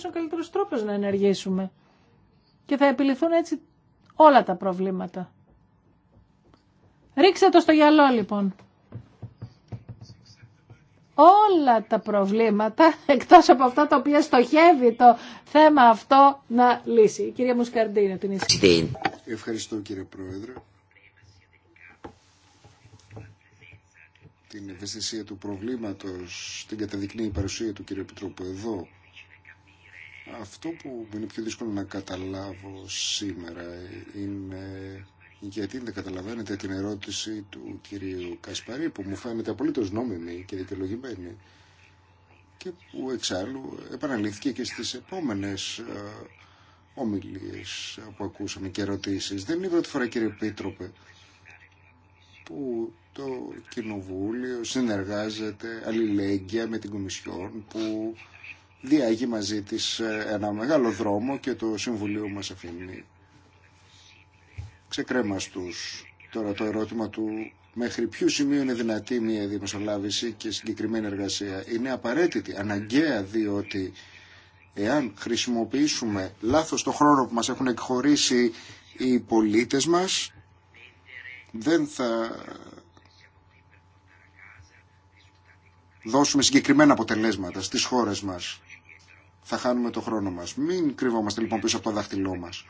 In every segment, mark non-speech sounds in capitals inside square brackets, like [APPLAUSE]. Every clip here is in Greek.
είναι ο καλύτερος τρόπος να ενεργήσουμε. Και θα επιληθούν έτσι όλα τα προβλήματα. Ρίξε το στο γυαλό λοιπόν. Όλα τα προβλήματα, [LAUGHS] εκτός από αυτά τα οποία στοχεύει το θέμα αυτό να λύσει. κυρία Μουσκαρντίνο την Ευχαριστώ κύριε Πρόεδρε. την ευαισθησία του προβλήματος, την καταδεικνύει η παρουσία του κύριου Επιτρόπου εδώ. Αυτό που μου είναι πιο δύσκολο να καταλάβω σήμερα είναι γιατί δεν καταλαβαίνετε την ερώτηση του κυρίου Κασπαρή που μου φαίνεται απολύτως νόμιμη και δικαιολογημένη και που εξάλλου επαναλήθηκε και στις επόμενες ε, ομιλίες που ακούσαμε και ερωτήσεις. Δεν είναι η πρώτη φορά κύριε Πίτροπε που το Κοινοβούλιο συνεργάζεται αλληλέγγυα με την Κομισιόν που διάγει μαζί της ε, ένα μεγάλο δρόμο και το Συμβουλίο μας αφήνει ξεκρέμαστους. Τώρα το ερώτημα του μέχρι ποιο σημείο είναι δυνατή μια δημοσιολάβηση και συγκεκριμένη εργασία είναι απαραίτητη, αναγκαία διότι εάν χρησιμοποιήσουμε λάθος το χρόνο που μας έχουν εκχωρήσει οι πολίτες μας δεν θα δώσουμε συγκεκριμένα αποτελέσματα στις χώρες μας θα χάνουμε το χρόνο μας. Μην κρυβόμαστε λοιπόν πίσω από το δάχτυλό μας.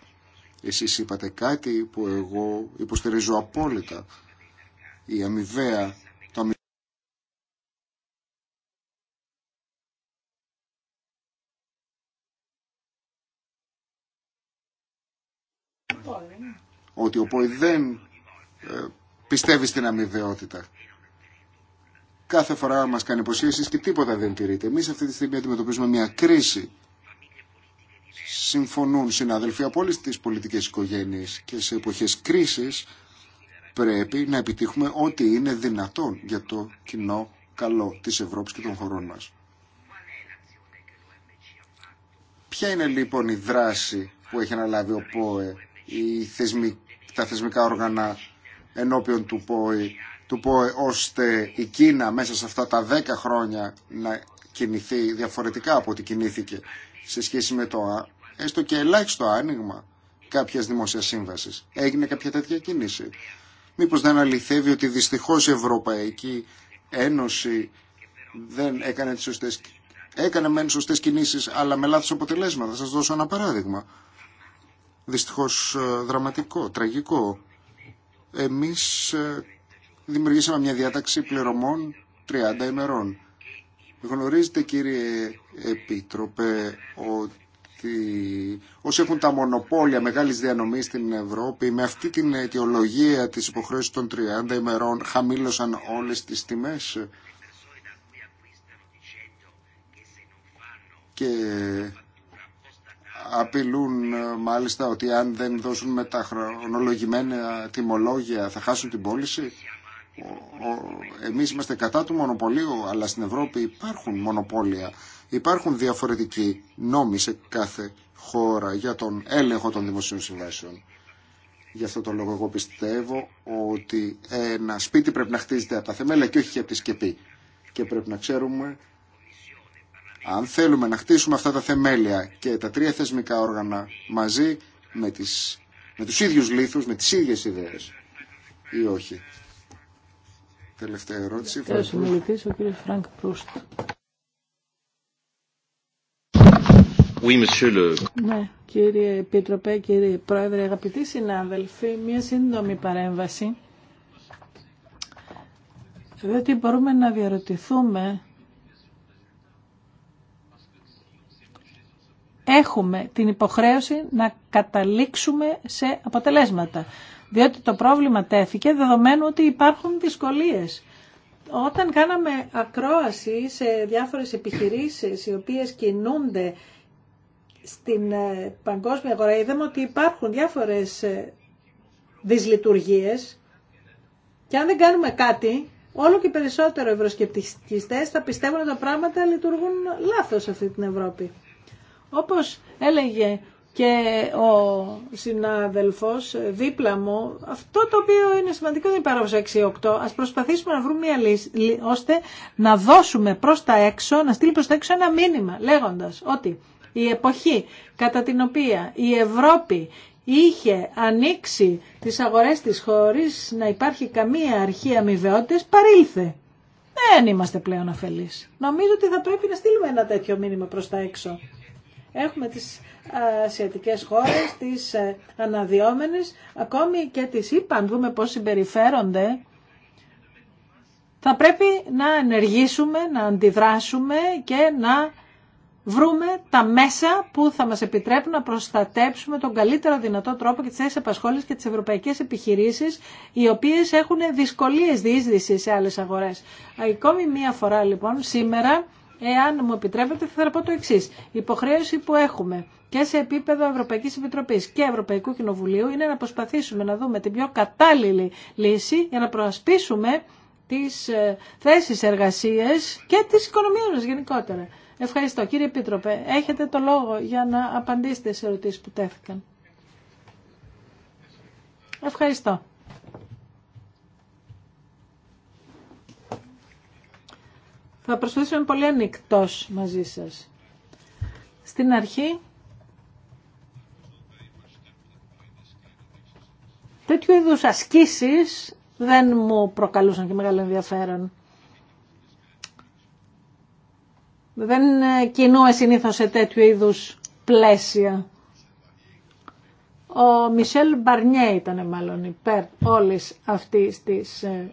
Εσείς είπατε κάτι που εγώ υποστηρίζω απόλυτα. Η αμοιβαία ότι ο Πόη δεν ε, πιστεύει στην αμοιβαιότητα κάθε φορά μας κάνει υποσχέσεις και τίποτα δεν τηρείται. Εμείς αυτή τη στιγμή αντιμετωπίζουμε μια κρίση. Συμφωνούν συνάδελφοι από όλες τις πολιτικές οικογένειες και σε εποχές κρίσης πρέπει να επιτύχουμε ό,τι είναι δυνατόν για το κοινό καλό της Ευρώπης και των χωρών μας. Ποια είναι λοιπόν η δράση που έχει αναλάβει ο ΠΟΕ, η τα θεσμικά όργανα ενώπιον του ΠΟΕ του ΠΟΕ ώστε η Κίνα μέσα σε αυτά τα 10 χρόνια να κινηθεί διαφορετικά από ό,τι κινήθηκε σε σχέση με το έστω και ελάχιστο άνοιγμα κάποιας δημόσια σύμβασης. Έγινε κάποια τέτοια κίνηση. Μήπως δεν αληθεύει ότι δυστυχώς η Ευρωπαϊκή Ένωση δεν έκανε τις σωστές έκανε μεν σωστέ κινήσει, αλλά με λάθο αποτελέσματα. Θα σα δώσω ένα παράδειγμα. Δυστυχώ ε, δραματικό, τραγικό. Εμεί ε, δημιουργήσαμε μια διάταξη πληρωμών 30 ημερών. Γνωρίζετε κύριε Επίτροπε ότι όσοι έχουν τα μονοπόλια μεγάλης διανομής στην Ευρώπη με αυτή την αιτιολογία της υποχρέωσης των 30 ημερών χαμήλωσαν όλες τις τιμές και απειλούν μάλιστα ότι αν δεν δώσουν με τα χρονολογημένα τιμολόγια θα χάσουν την πώληση εμείς είμαστε κατά του μονοπωλίου, αλλά στην Ευρώπη υπάρχουν μονοπόλια. Υπάρχουν διαφορετικοί νόμοι σε κάθε χώρα για τον έλεγχο των δημοσίων συμβάσεων. Γι' αυτό το λόγο εγώ πιστεύω ότι ένα σπίτι πρέπει να χτίζεται από τα θεμέλια και όχι και από τη σκεπή. Και πρέπει να ξέρουμε αν θέλουμε να χτίσουμε αυτά τα θεμέλια και τα τρία θεσμικά όργανα μαζί με, τις, με τους ίδιους λήθους, με τις ίδιες ιδέες ή όχι. Τελευταία ερώτηση. ο κύριος Φρανκ Προύστ. Ναι, κύριε Επίτροπε, κύριε Πρόεδρε, αγαπητοί συνάδελφοι, μία σύντομη παρέμβαση. Διότι μπορούμε να διαρωτηθούμε έχουμε την υποχρέωση να καταλήξουμε σε αποτελέσματα διότι το πρόβλημα τέθηκε δεδομένου ότι υπάρχουν δυσκολίες. Όταν κάναμε ακρόαση σε διάφορες επιχειρήσεις οι οποίες κινούνται στην ε, παγκόσμια αγορά, είδαμε ότι υπάρχουν διάφορες ε, δυσλειτουργίες και αν δεν κάνουμε κάτι, όλο και περισσότερο ευρωσκεπτικιστές θα πιστεύουν ότι τα πράγματα λειτουργούν λάθος σε αυτή την Ευρώπη. Όπως έλεγε και ο συνάδελφος ε, δίπλα μου, αυτό το οποίο είναι σημαντικό δεν υπάρχει 6-8, ας προσπαθήσουμε να βρούμε μια λύση, ώστε να δώσουμε προς τα έξω, να στείλει προς τα έξω ένα μήνυμα, λέγοντας ότι η εποχή κατά την οποία η Ευρώπη είχε ανοίξει τις αγορές της χωρίς να υπάρχει καμία αρχή αμοιβαιότητες, παρήλθε. Δεν είμαστε πλέον αφελείς. Νομίζω ότι θα πρέπει να στείλουμε ένα τέτοιο μήνυμα προς τα έξω. Έχουμε τις ασιατικές χώρες, τις αναδιόμενες, ακόμη και τις είπα, δούμε πώς συμπεριφέρονται, θα πρέπει να ενεργήσουμε, να αντιδράσουμε και να βρούμε τα μέσα που θα μας επιτρέπουν να προστατέψουμε τον καλύτερο δυνατό τρόπο και τις θέσεις και τις ευρωπαϊκές επιχειρήσεις οι οποίες έχουν δυσκολίες διείσδυσης σε άλλες αγορές. Ακόμη μία φορά λοιπόν σήμερα Εάν μου επιτρέπετε, θα πω το εξή. Η υποχρέωση που έχουμε και σε επίπεδο Ευρωπαϊκή Επιτροπή και Ευρωπαϊκού Κοινοβουλίου είναι να προσπαθήσουμε να δούμε την πιο κατάλληλη λύση για να προασπίσουμε τι ε, θέσει εργασίε και τι οικονομία μα γενικότερα. Ευχαριστώ. Κύριε Επίτροπε, έχετε το λόγο για να απαντήσετε σε ερωτήσει που τέθηκαν. Ευχαριστώ. Θα είμαι πολύ ανοιχτό μαζί σας. Στην αρχή, τέτοιου είδους ασκήσεις δεν μου προκαλούσαν και μεγάλο ενδιαφέρον. Δεν κινούμε συνήθως σε τέτοιου είδους πλαίσια. Ο Μισελ Μπαρνιέ ήταν μάλλον υπέρ όλης αυτής της ε,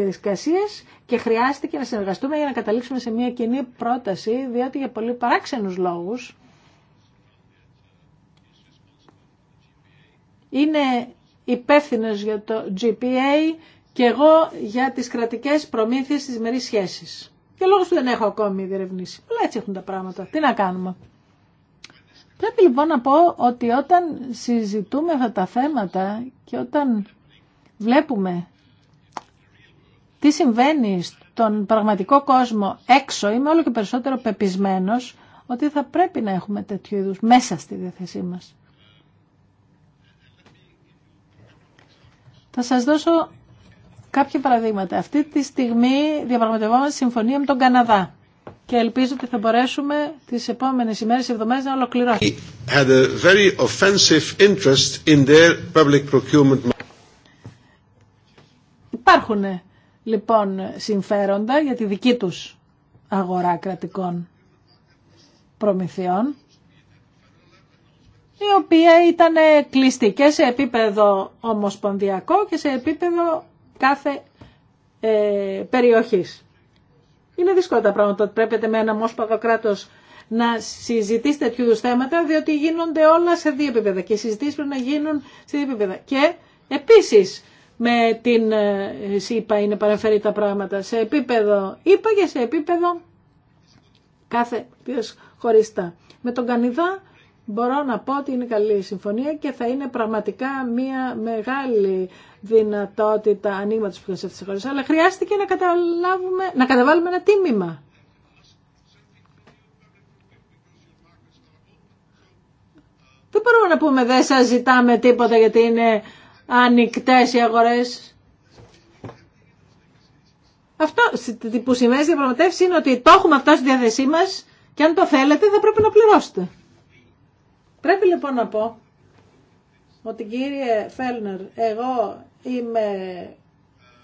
διαδικασίε και χρειάστηκε να συνεργαστούμε για να καταλήξουμε σε μια κοινή πρόταση, διότι για πολύ παράξενους λόγους είναι υπεύθυνο για το GPA και εγώ για τις κρατικές προμήθειε τη μερή σχέση. Και λόγω που δεν έχω ακόμη διερευνήσει. Αλλά έτσι έχουν τα πράγματα. Τι να κάνουμε. Πρέπει λοιπόν να πω ότι όταν συζητούμε αυτά τα θέματα και όταν βλέπουμε τι συμβαίνει στον πραγματικό κόσμο έξω, είμαι όλο και περισσότερο πεπισμένος ότι θα πρέπει να έχουμε τέτοιου είδους μέσα στη διαθεσή μας. Θα σας δώσω κάποια παραδείγματα. Αυτή τη στιγμή διαπραγματευόμαστε συμφωνία με τον Καναδά και ελπίζω ότι θα μπορέσουμε τις επόμενες ημέρες, εβδομάδες να ολοκληρώσουμε. Υπάρχουν λοιπόν συμφέροντα για τη δική τους αγορά κρατικών προμηθειών η οποία ήταν κλειστή και σε επίπεδο ομοσπονδιακό και σε επίπεδο κάθε ε, περιοχής. Είναι δύσκολα τα πράγματα ότι πρέπει με ένα ομόσπονδο κράτο να συζητήσει τέτοιου είδου θέματα, διότι γίνονται όλα σε δύο επίπεδα και οι συζητήσει πρέπει να γίνουν σε δύο επίπεδα. Και επίσης με την ε, ΣΥΠΑ είναι παραφέρει τα πράγματα σε επίπεδο ΙΠΑ και σε επίπεδο κάθε ποιος χωριστά. Με τον Κανιδά μπορώ να πω ότι είναι καλή συμφωνία και θα είναι πραγματικά μια μεγάλη δυνατότητα ανοίγματος σε αυτές τις χώρες. Αλλά χρειάστηκε να, καταλάβουμε, να καταβάλουμε ένα τίμημα. Δεν μπορούμε να πούμε δεν σας ζητάμε τίποτα γιατί είναι ανοιχτέ οι αγορές. Αυτό που σημαίνει στι διαπραγματεύσει είναι ότι το έχουμε αυτό στη διάθεσή μα και αν το θέλετε θα πρέπει να πληρώσετε. Πρέπει λοιπόν να πω ότι κύριε Φέλνερ, εγώ είμαι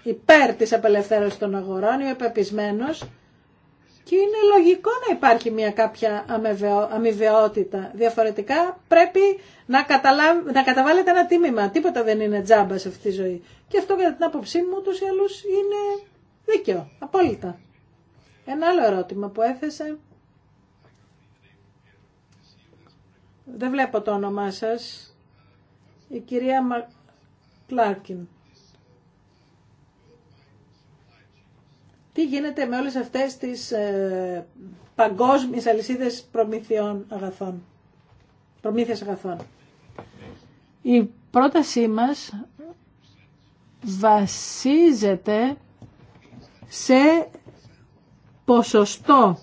υπέρ της απελευθέρωσης των αγορών, είμαι πεπισμένος και είναι λογικό να υπάρχει μια κάποια αμοιβαιότητα. Διαφορετικά πρέπει να, καταλάβ... να καταβάλλετε ένα τίμημα. Τίποτα δεν είναι τζάμπα σε αυτή τη ζωή. Και αυτό κατά την άποψή μου ούτως ή είναι δίκαιο. Απόλυτα. Ένα άλλο ερώτημα που έθεσε. Δεν βλέπω το όνομά σας. Η κυρία Κλάρκιν. τι γίνεται με όλες αυτές τις ε, παγκόσμιες αλυσίδες προμήθειών αγαθών. Προμήθειας αγαθών. Η πρότασή μας βασίζεται σε ποσοστό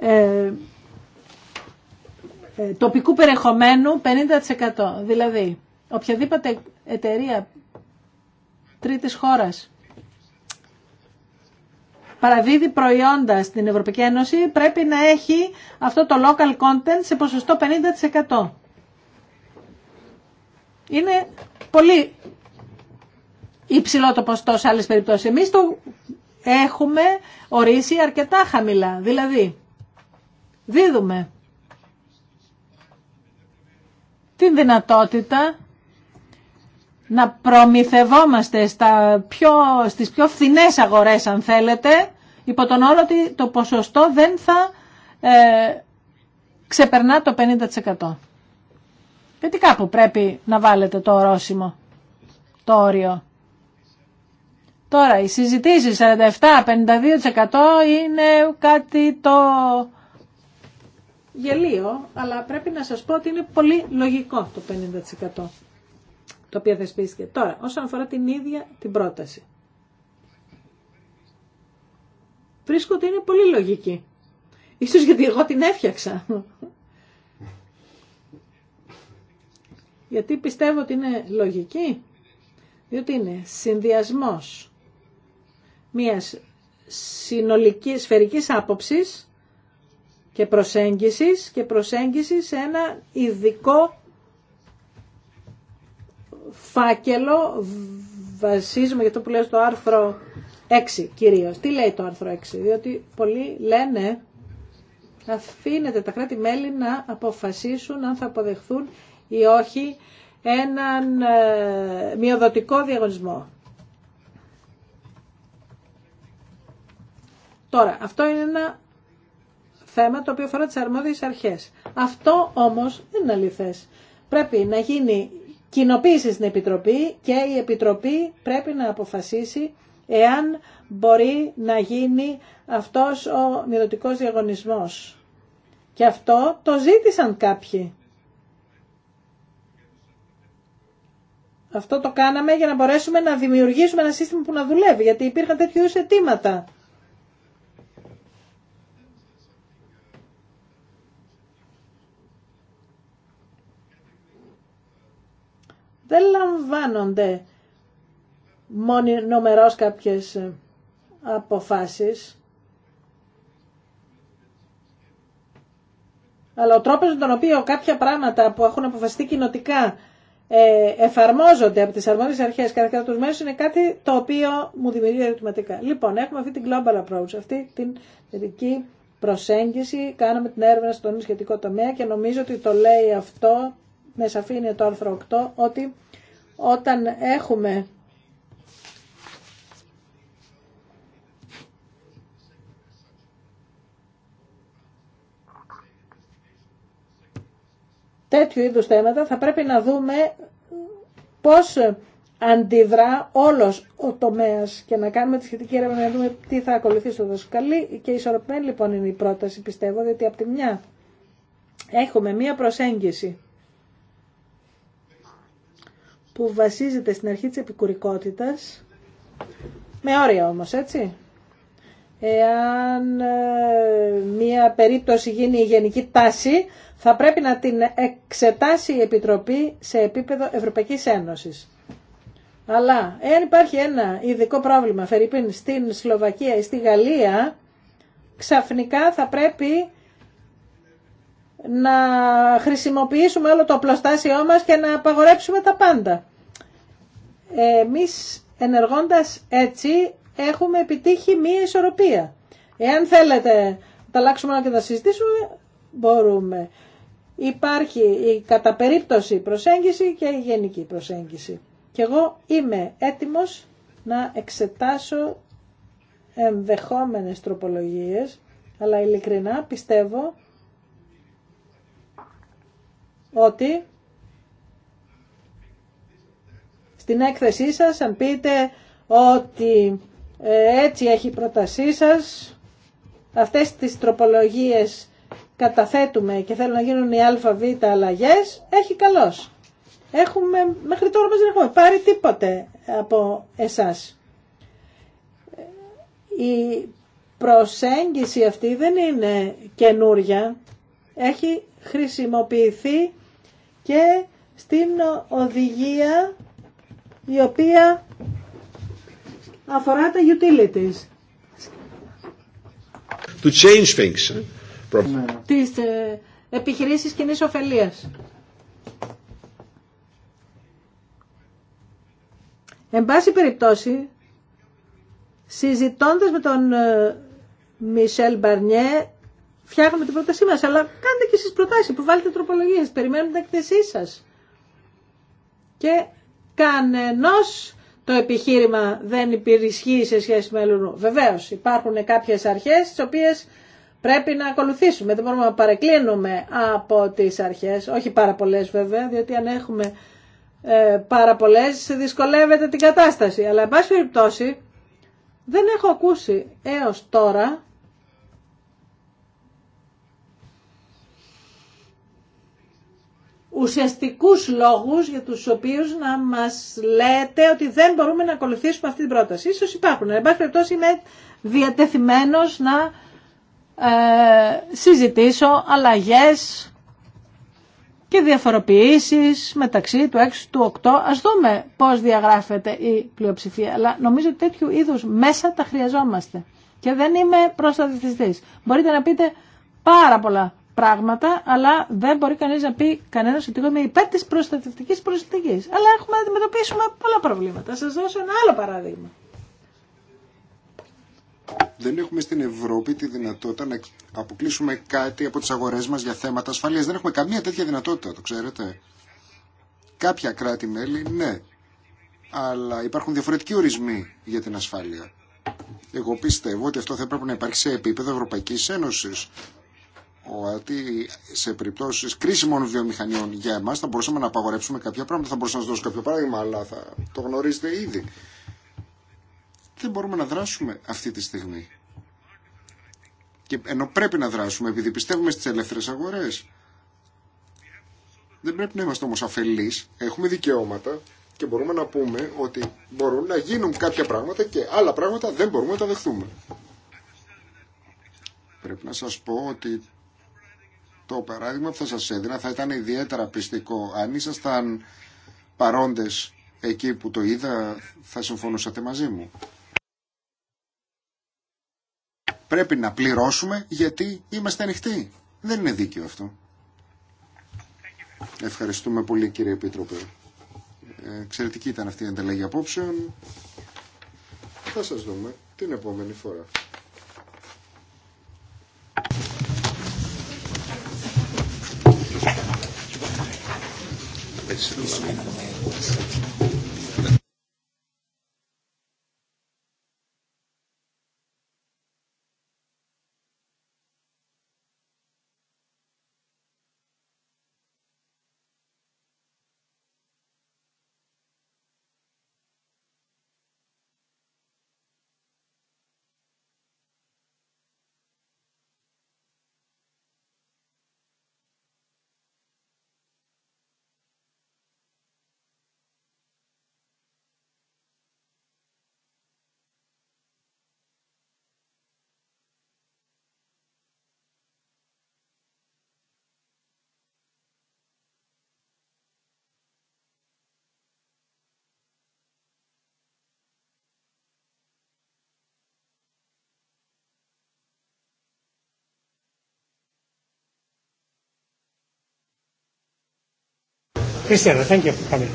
ε, ε τοπικού περιεχομένου 50%. Δηλαδή, οποιαδήποτε εταιρεία τρίτης χώρας παραδίδει προϊόντα στην Ευρωπαϊκή Ένωση πρέπει να έχει αυτό το local content σε ποσοστό 50%. Είναι πολύ υψηλό το ποσοστό σε άλλες περιπτώσεις. Εμείς το έχουμε ορίσει αρκετά χαμηλά. Δηλαδή, δίδουμε την δυνατότητα να προμηθευόμαστε στα πιο, στις πιο φθηνές αγορές αν θέλετε, υπό τον όρο ότι το ποσοστό δεν θα ε, ξεπερνά το 50%. Γιατί κάπου πρέπει να βάλετε το ορόσημο, το όριο. Τώρα, οι συζητήσεις 47-52% είναι κάτι το γελίο, αλλά πρέπει να σας πω ότι είναι πολύ λογικό το 50% το οποίο θεσπίστηκε. Τώρα, όσον αφορά την ίδια την πρόταση. Βρίσκω ότι είναι πολύ λογική. Ίσως γιατί εγώ την έφτιαξα. Γιατί πιστεύω ότι είναι λογική. Διότι είναι συνδυασμός μιας συνολικής σφαιρικής άποψης και προσέγγισης και προσέγγιση σε ένα ειδικό φάκελο βασίζουμε για το που λέω στο άρθρο 6 κυρίως. Τι λέει το άρθρο 6, διότι πολλοί λένε αφήνεται τα κράτη-μέλη να αποφασίσουν αν θα αποδεχθούν ή όχι έναν ε, μειοδοτικό διαγωνισμό. Τώρα, αυτό είναι ένα θέμα το οποίο αφορά τις αρμόδιες αρχές. Αυτό όμως δεν είναι αληθές. Πρέπει να γίνει κοινοποίηση στην Επιτροπή και η Επιτροπή πρέπει να αποφασίσει εάν μπορεί να γίνει αυτός ο μυρωτικός διαγωνισμός. Και αυτό το ζήτησαν κάποιοι. Αυτό το κάναμε για να μπορέσουμε να δημιουργήσουμε ένα σύστημα που να δουλεύει, γιατί υπήρχαν τέτοιου αιτήματα. δεν λαμβάνονται μόνοι νομερός κάποιες ε, αποφάσεις. Αλλά ο τρόπος με τον οποίο κάποια πράγματα που έχουν αποφασιστεί κοινοτικά ε, εφαρμόζονται από τις αρμόδιες αρχές κατά τους μέσους είναι κάτι το οποίο μου δημιουργεί ερωτηματικά. Λοιπόν, έχουμε αυτή την global approach, αυτή την ειδική προσέγγιση, κάναμε την έρευνα στον σχετικό τομέα και νομίζω ότι το λέει αυτό με σαφήνεια το άρθρο 8 ότι όταν έχουμε τέτοιου είδους θέματα θα πρέπει να δούμε πώς αντιδρά όλος ο τομέας και να κάνουμε τη σχετική έρευνα να δούμε τι θα ακολουθήσει το δασκαλί και ισορροπημένη λοιπόν είναι η πρόταση πιστεύω διότι από τη μια έχουμε μία προσέγγιση που βασίζεται στην αρχή της επικουρικότητας, με όρια όμως, έτσι. Εάν ε, μία περίπτωση γίνει η γενική τάση, θα πρέπει να την εξετάσει η Επιτροπή σε επίπεδο Ευρωπαϊκής Ένωσης. Αλλά εάν υπάρχει ένα ειδικό πρόβλημα, Φερρυπίν, στην Σλοβακία ή στη Γαλλία, ξαφνικά θα πρέπει να χρησιμοποιήσουμε όλο το απλοστάσιό μας και να απαγορέψουμε τα πάντα. Εμείς ενεργώντας έτσι έχουμε επιτύχει μία ισορροπία. Εάν θέλετε να τα αλλάξουμε και να συζητήσουμε, μπορούμε. Υπάρχει η κατά περίπτωση προσέγγιση και η γενική προσέγγιση. Και εγώ είμαι έτοιμος να εξετάσω ενδεχόμενες τροπολογίες, αλλά ειλικρινά πιστεύω ότι στην έκθεσή σας αν πείτε ότι ε, έτσι έχει η πρότασή σας, αυτές τις τροπολογίες καταθέτουμε και θέλουν να γίνουν οι ΑΒ αλλαγές, έχει καλός. Έχουμε, μέχρι τώρα μας δεν έχουμε πάρει τίποτε από εσάς. Η προσέγγιση αυτή δεν είναι καινούρια, έχει χρησιμοποιηθεί και στην οδηγία η οποία αφορά τα utilities. To change things. Τις ε, επιχειρήσεις κοινής ωφελίας. Εν πάση περιπτώσει, συζητώντας με τον Μισελ Μπαρνιέ, φτιάχνουμε την πρότασή μα, αλλά κάντε και εσείς που βάλετε τροπολογίες, περιμένουμε την εκθεσή σα. Και κανενό το επιχείρημα δεν υπηρεσχεί σε σχέση με αλλού. Βεβαίω. υπάρχουν κάποιε αρχέ τι οποίε πρέπει να ακολουθήσουμε. Δεν μπορούμε να παρεκκλίνουμε από τι αρχέ. όχι πάρα πολλέ, βέβαια, διότι αν έχουμε ε, πάρα πολλέ, δυσκολεύεται την κατάσταση. Αλλά εν πάση περιπτώσει δεν έχω ακούσει έως τώρα ουσιαστικούς λόγους για τους οποίους να μας λέτε ότι δεν μπορούμε να ακολουθήσουμε αυτή την πρόταση. Ίσως υπάρχουν. Εν πάση περιπτώσει είμαι διατεθειμένος να ε, συζητήσω αλλαγές και διαφοροποιήσεις μεταξύ του 6 του 8. Ας δούμε πώς διαγράφεται η πλειοψηφία. Αλλά νομίζω ότι τέτοιου είδους μέσα τα χρειαζόμαστε. Και δεν είμαι προστατευτιστής. Μπορείτε να πείτε πάρα πολλά πράγματα, αλλά δεν μπορεί κανεί να πει κανένα ότι εγώ είμαι υπέρ τη προστατευτική προσθήκη. Αλλά έχουμε να αντιμετωπίσουμε πολλά προβλήματα. Σα δώσω ένα άλλο παράδειγμα. Δεν έχουμε στην Ευρώπη τη δυνατότητα να αποκλείσουμε κάτι από τι αγορέ μα για θέματα ασφαλεία. Δεν έχουμε καμία τέτοια δυνατότητα, το ξέρετε. Κάποια κράτη-μέλη, ναι. Αλλά υπάρχουν διαφορετικοί ορισμοί για την ασφάλεια. Εγώ πιστεύω ότι αυτό θα πρέπει να υπάρχει σε επίπεδο Ευρωπαϊκή Ένωση ότι σε περιπτώσει κρίσιμων βιομηχανιών για εμά θα μπορούσαμε να απαγορεύσουμε κάποια πράγματα. Θα μπορούσα να σα δώσω κάποιο παράδειγμα, αλλά θα το γνωρίζετε ήδη. Δεν μπορούμε να δράσουμε αυτή τη στιγμή. Και ενώ πρέπει να δράσουμε, επειδή πιστεύουμε στι ελεύθερε αγορέ. Δεν πρέπει να είμαστε όμω αφελεί. Έχουμε δικαιώματα και μπορούμε να πούμε ότι μπορούν να γίνουν κάποια πράγματα και άλλα πράγματα δεν μπορούμε να τα δεχθούμε. Πρέπει να σας πω ότι το παράδειγμα που θα σας έδινα θα ήταν ιδιαίτερα πιστικό. Αν ήσασταν παρόντες εκεί που το είδα, θα συμφωνούσατε μαζί μου. Πρέπει να πληρώσουμε γιατί είμαστε ανοιχτοί. Δεν είναι δίκαιο αυτό. Ευχαριστούμε πολύ κύριε Επίτροπε. Εξαιρετική ήταν αυτή η ανταλλαγή απόψεων. Θα σας δούμε την επόμενη φορά. Ευχαριστώ. Cristiano, thank you for coming.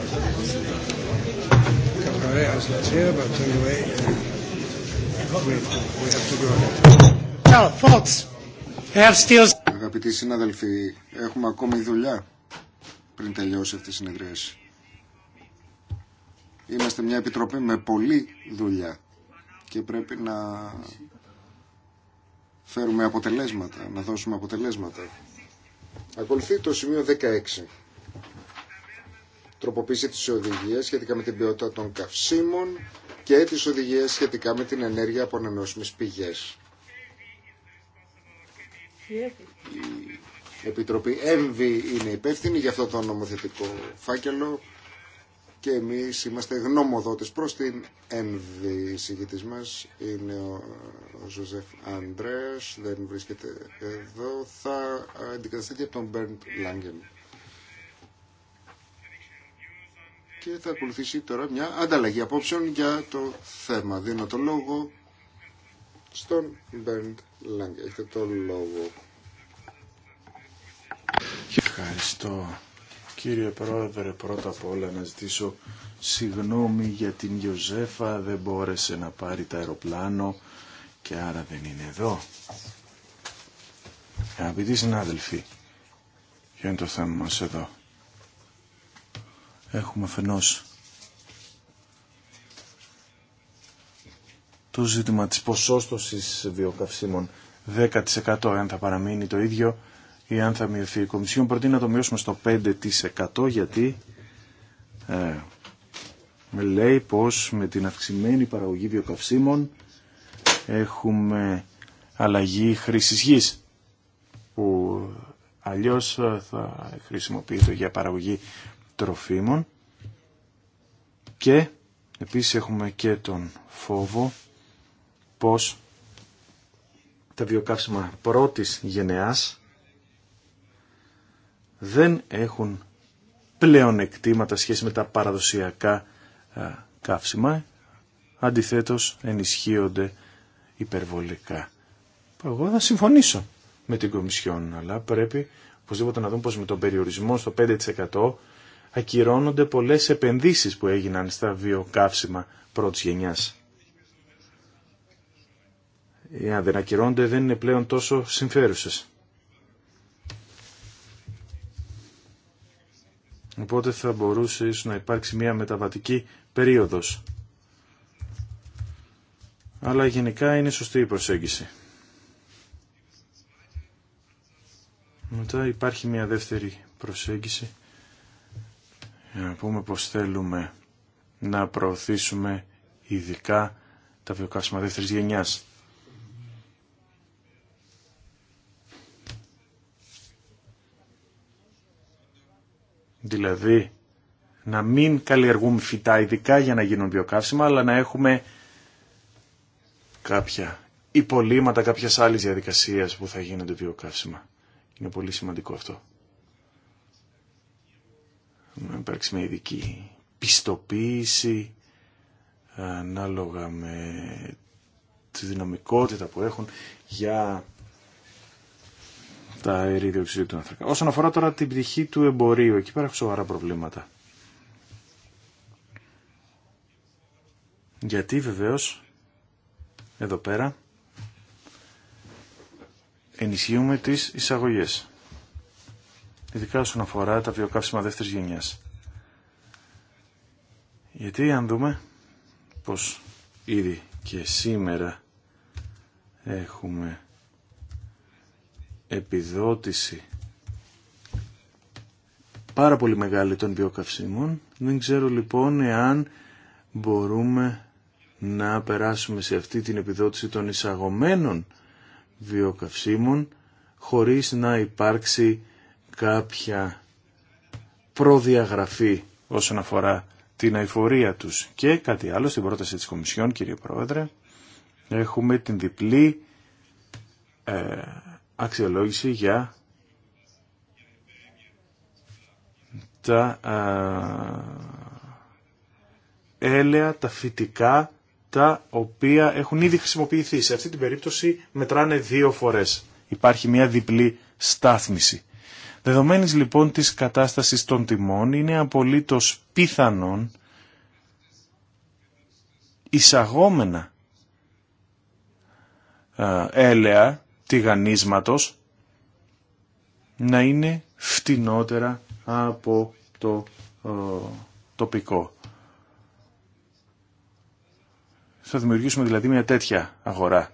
Αγαπητοί συναδελφοί, έχουμε ακόμη δουλειά πριν τελειώσει αυτή η συνεδρίαση. Είμαστε μια επιτροπή με πολλή δουλειά και πρέπει να φέρουμε αποτελέσματα, να δώσουμε αποτελέσματα. Ακολουθεί το σημείο 16 τροποποίηση τις οδηγίες σχετικά με την ποιότητα των καυσίμων και τις οδηγίες σχετικά με την ενέργεια από ανανεώσιμες πηγές. Η Επιτροπή ΕΜΒΗ είναι υπεύθυνη για αυτό το νομοθετικό φάκελο και εμείς είμαστε γνωμοδότες προς την ΕΜΒΗ. Η συγκητής μας είναι ο Ζωζεφ Αντρέας, δεν βρίσκεται εδώ, θα αντικαταστήσει από τον Μπέρντ Λάγκεν. και θα ακολουθήσει τώρα μια ανταλλαγή απόψεων για το θέμα. Δίνω το λόγο στον Μπέρντ Λάγκ. Έχετε το λόγο. Ευχαριστώ. Κύριε Πρόεδρε, πρώτα απ' όλα να ζητήσω συγγνώμη για την Ιωζέφα, δεν μπόρεσε να πάρει το αεροπλάνο και άρα δεν είναι εδώ. Αγαπητοί συνάδελφοι, ποιο είναι το θέμα μας εδώ. Έχουμε αφενός το ζήτημα της ποσόστοσης βιοκαυσίμων 10% αν θα παραμείνει το ίδιο ή αν θα μειωθεί η Κομισιόν. Προτείνει να το μειώσουμε στο 5% γιατί ε, με λέει πως με την αυξημένη παραγωγή βιοκαυσίμων έχουμε αλλαγή χρήσης γης που αλλιώς θα χρησιμοποιείται για παραγωγή τροφίμων και επίσης έχουμε και τον φόβο πως τα βιοκαύσιμα πρώτης γενεάς δεν έχουν πλέον εκτίματα σχέση με τα παραδοσιακά καύσιμα, αντιθέτως ενισχύονται υπερβολικά. Εγώ θα συμφωνήσω με την Κομισιόν, αλλά πρέπει οπωσδήποτε να δούμε πως με τον περιορισμό στο 5% ακυρώνονται πολλές επενδύσεις που έγιναν στα βιοκαύσιμα πρώτης γενιάς. Εάν δεν ακυρώνονται δεν είναι πλέον τόσο συμφέρουσες. Οπότε θα μπορούσε ίσως να υπάρξει μια μεταβατική περίοδος. Αλλά γενικά είναι σωστή η προσέγγιση. Μετά υπάρχει μια δεύτερη προσέγγιση ε, να πούμε πως θέλουμε να προωθήσουμε ειδικά τα βιοκαύσιμα δεύτερης γενιάς. Δηλαδή, να μην καλλιεργούμε φυτά ειδικά για να γίνουν βιοκαύσιμα, αλλά να έχουμε κάποια υπολείμματα κάποιας άλλης διαδικασίας που θα γίνονται βιοκαύσιμα. Είναι πολύ σημαντικό αυτό να υπάρξει μια ειδική πιστοποίηση ανάλογα με τη δυναμικότητα που έχουν για τα αερίδια διοξιδίου του άνθρακα. Όσον αφορά τώρα την πτυχή του εμπορίου, εκεί πέρα έχω σοβαρά προβλήματα. Γιατί βεβαίως εδώ πέρα ενισχύουμε τις εισαγωγές ειδικά όσον αφορά τα βιοκαύσιμα δεύτερης γενιάς. Γιατί αν δούμε πως ήδη και σήμερα έχουμε επιδότηση πάρα πολύ μεγάλη των βιοκαυσίμων. Δεν ξέρω λοιπόν εάν μπορούμε να περάσουμε σε αυτή την επιδότηση των εισαγωμένων βιοκαυσίμων χωρίς να υπάρξει κάποια προδιαγραφή όσον αφορά την αηφορία τους. Και κάτι άλλο στην πρόταση της Κομισιόν, κύριε Πρόεδρε, έχουμε την διπλή ε, αξιολόγηση για τα ε, τα φυτικά, τα οποία έχουν ήδη χρησιμοποιηθεί. Σε αυτή την περίπτωση μετράνε δύο φορές. Υπάρχει μια διπλή στάθμιση. Δεδομένης λοιπόν της κατάστασης των τιμών είναι απολύτως πιθανόν εισαγόμενα έλεα τηγανίσματος να είναι φτηνότερα από το τοπικό. Θα δημιουργήσουμε δηλαδή μια τέτοια αγορά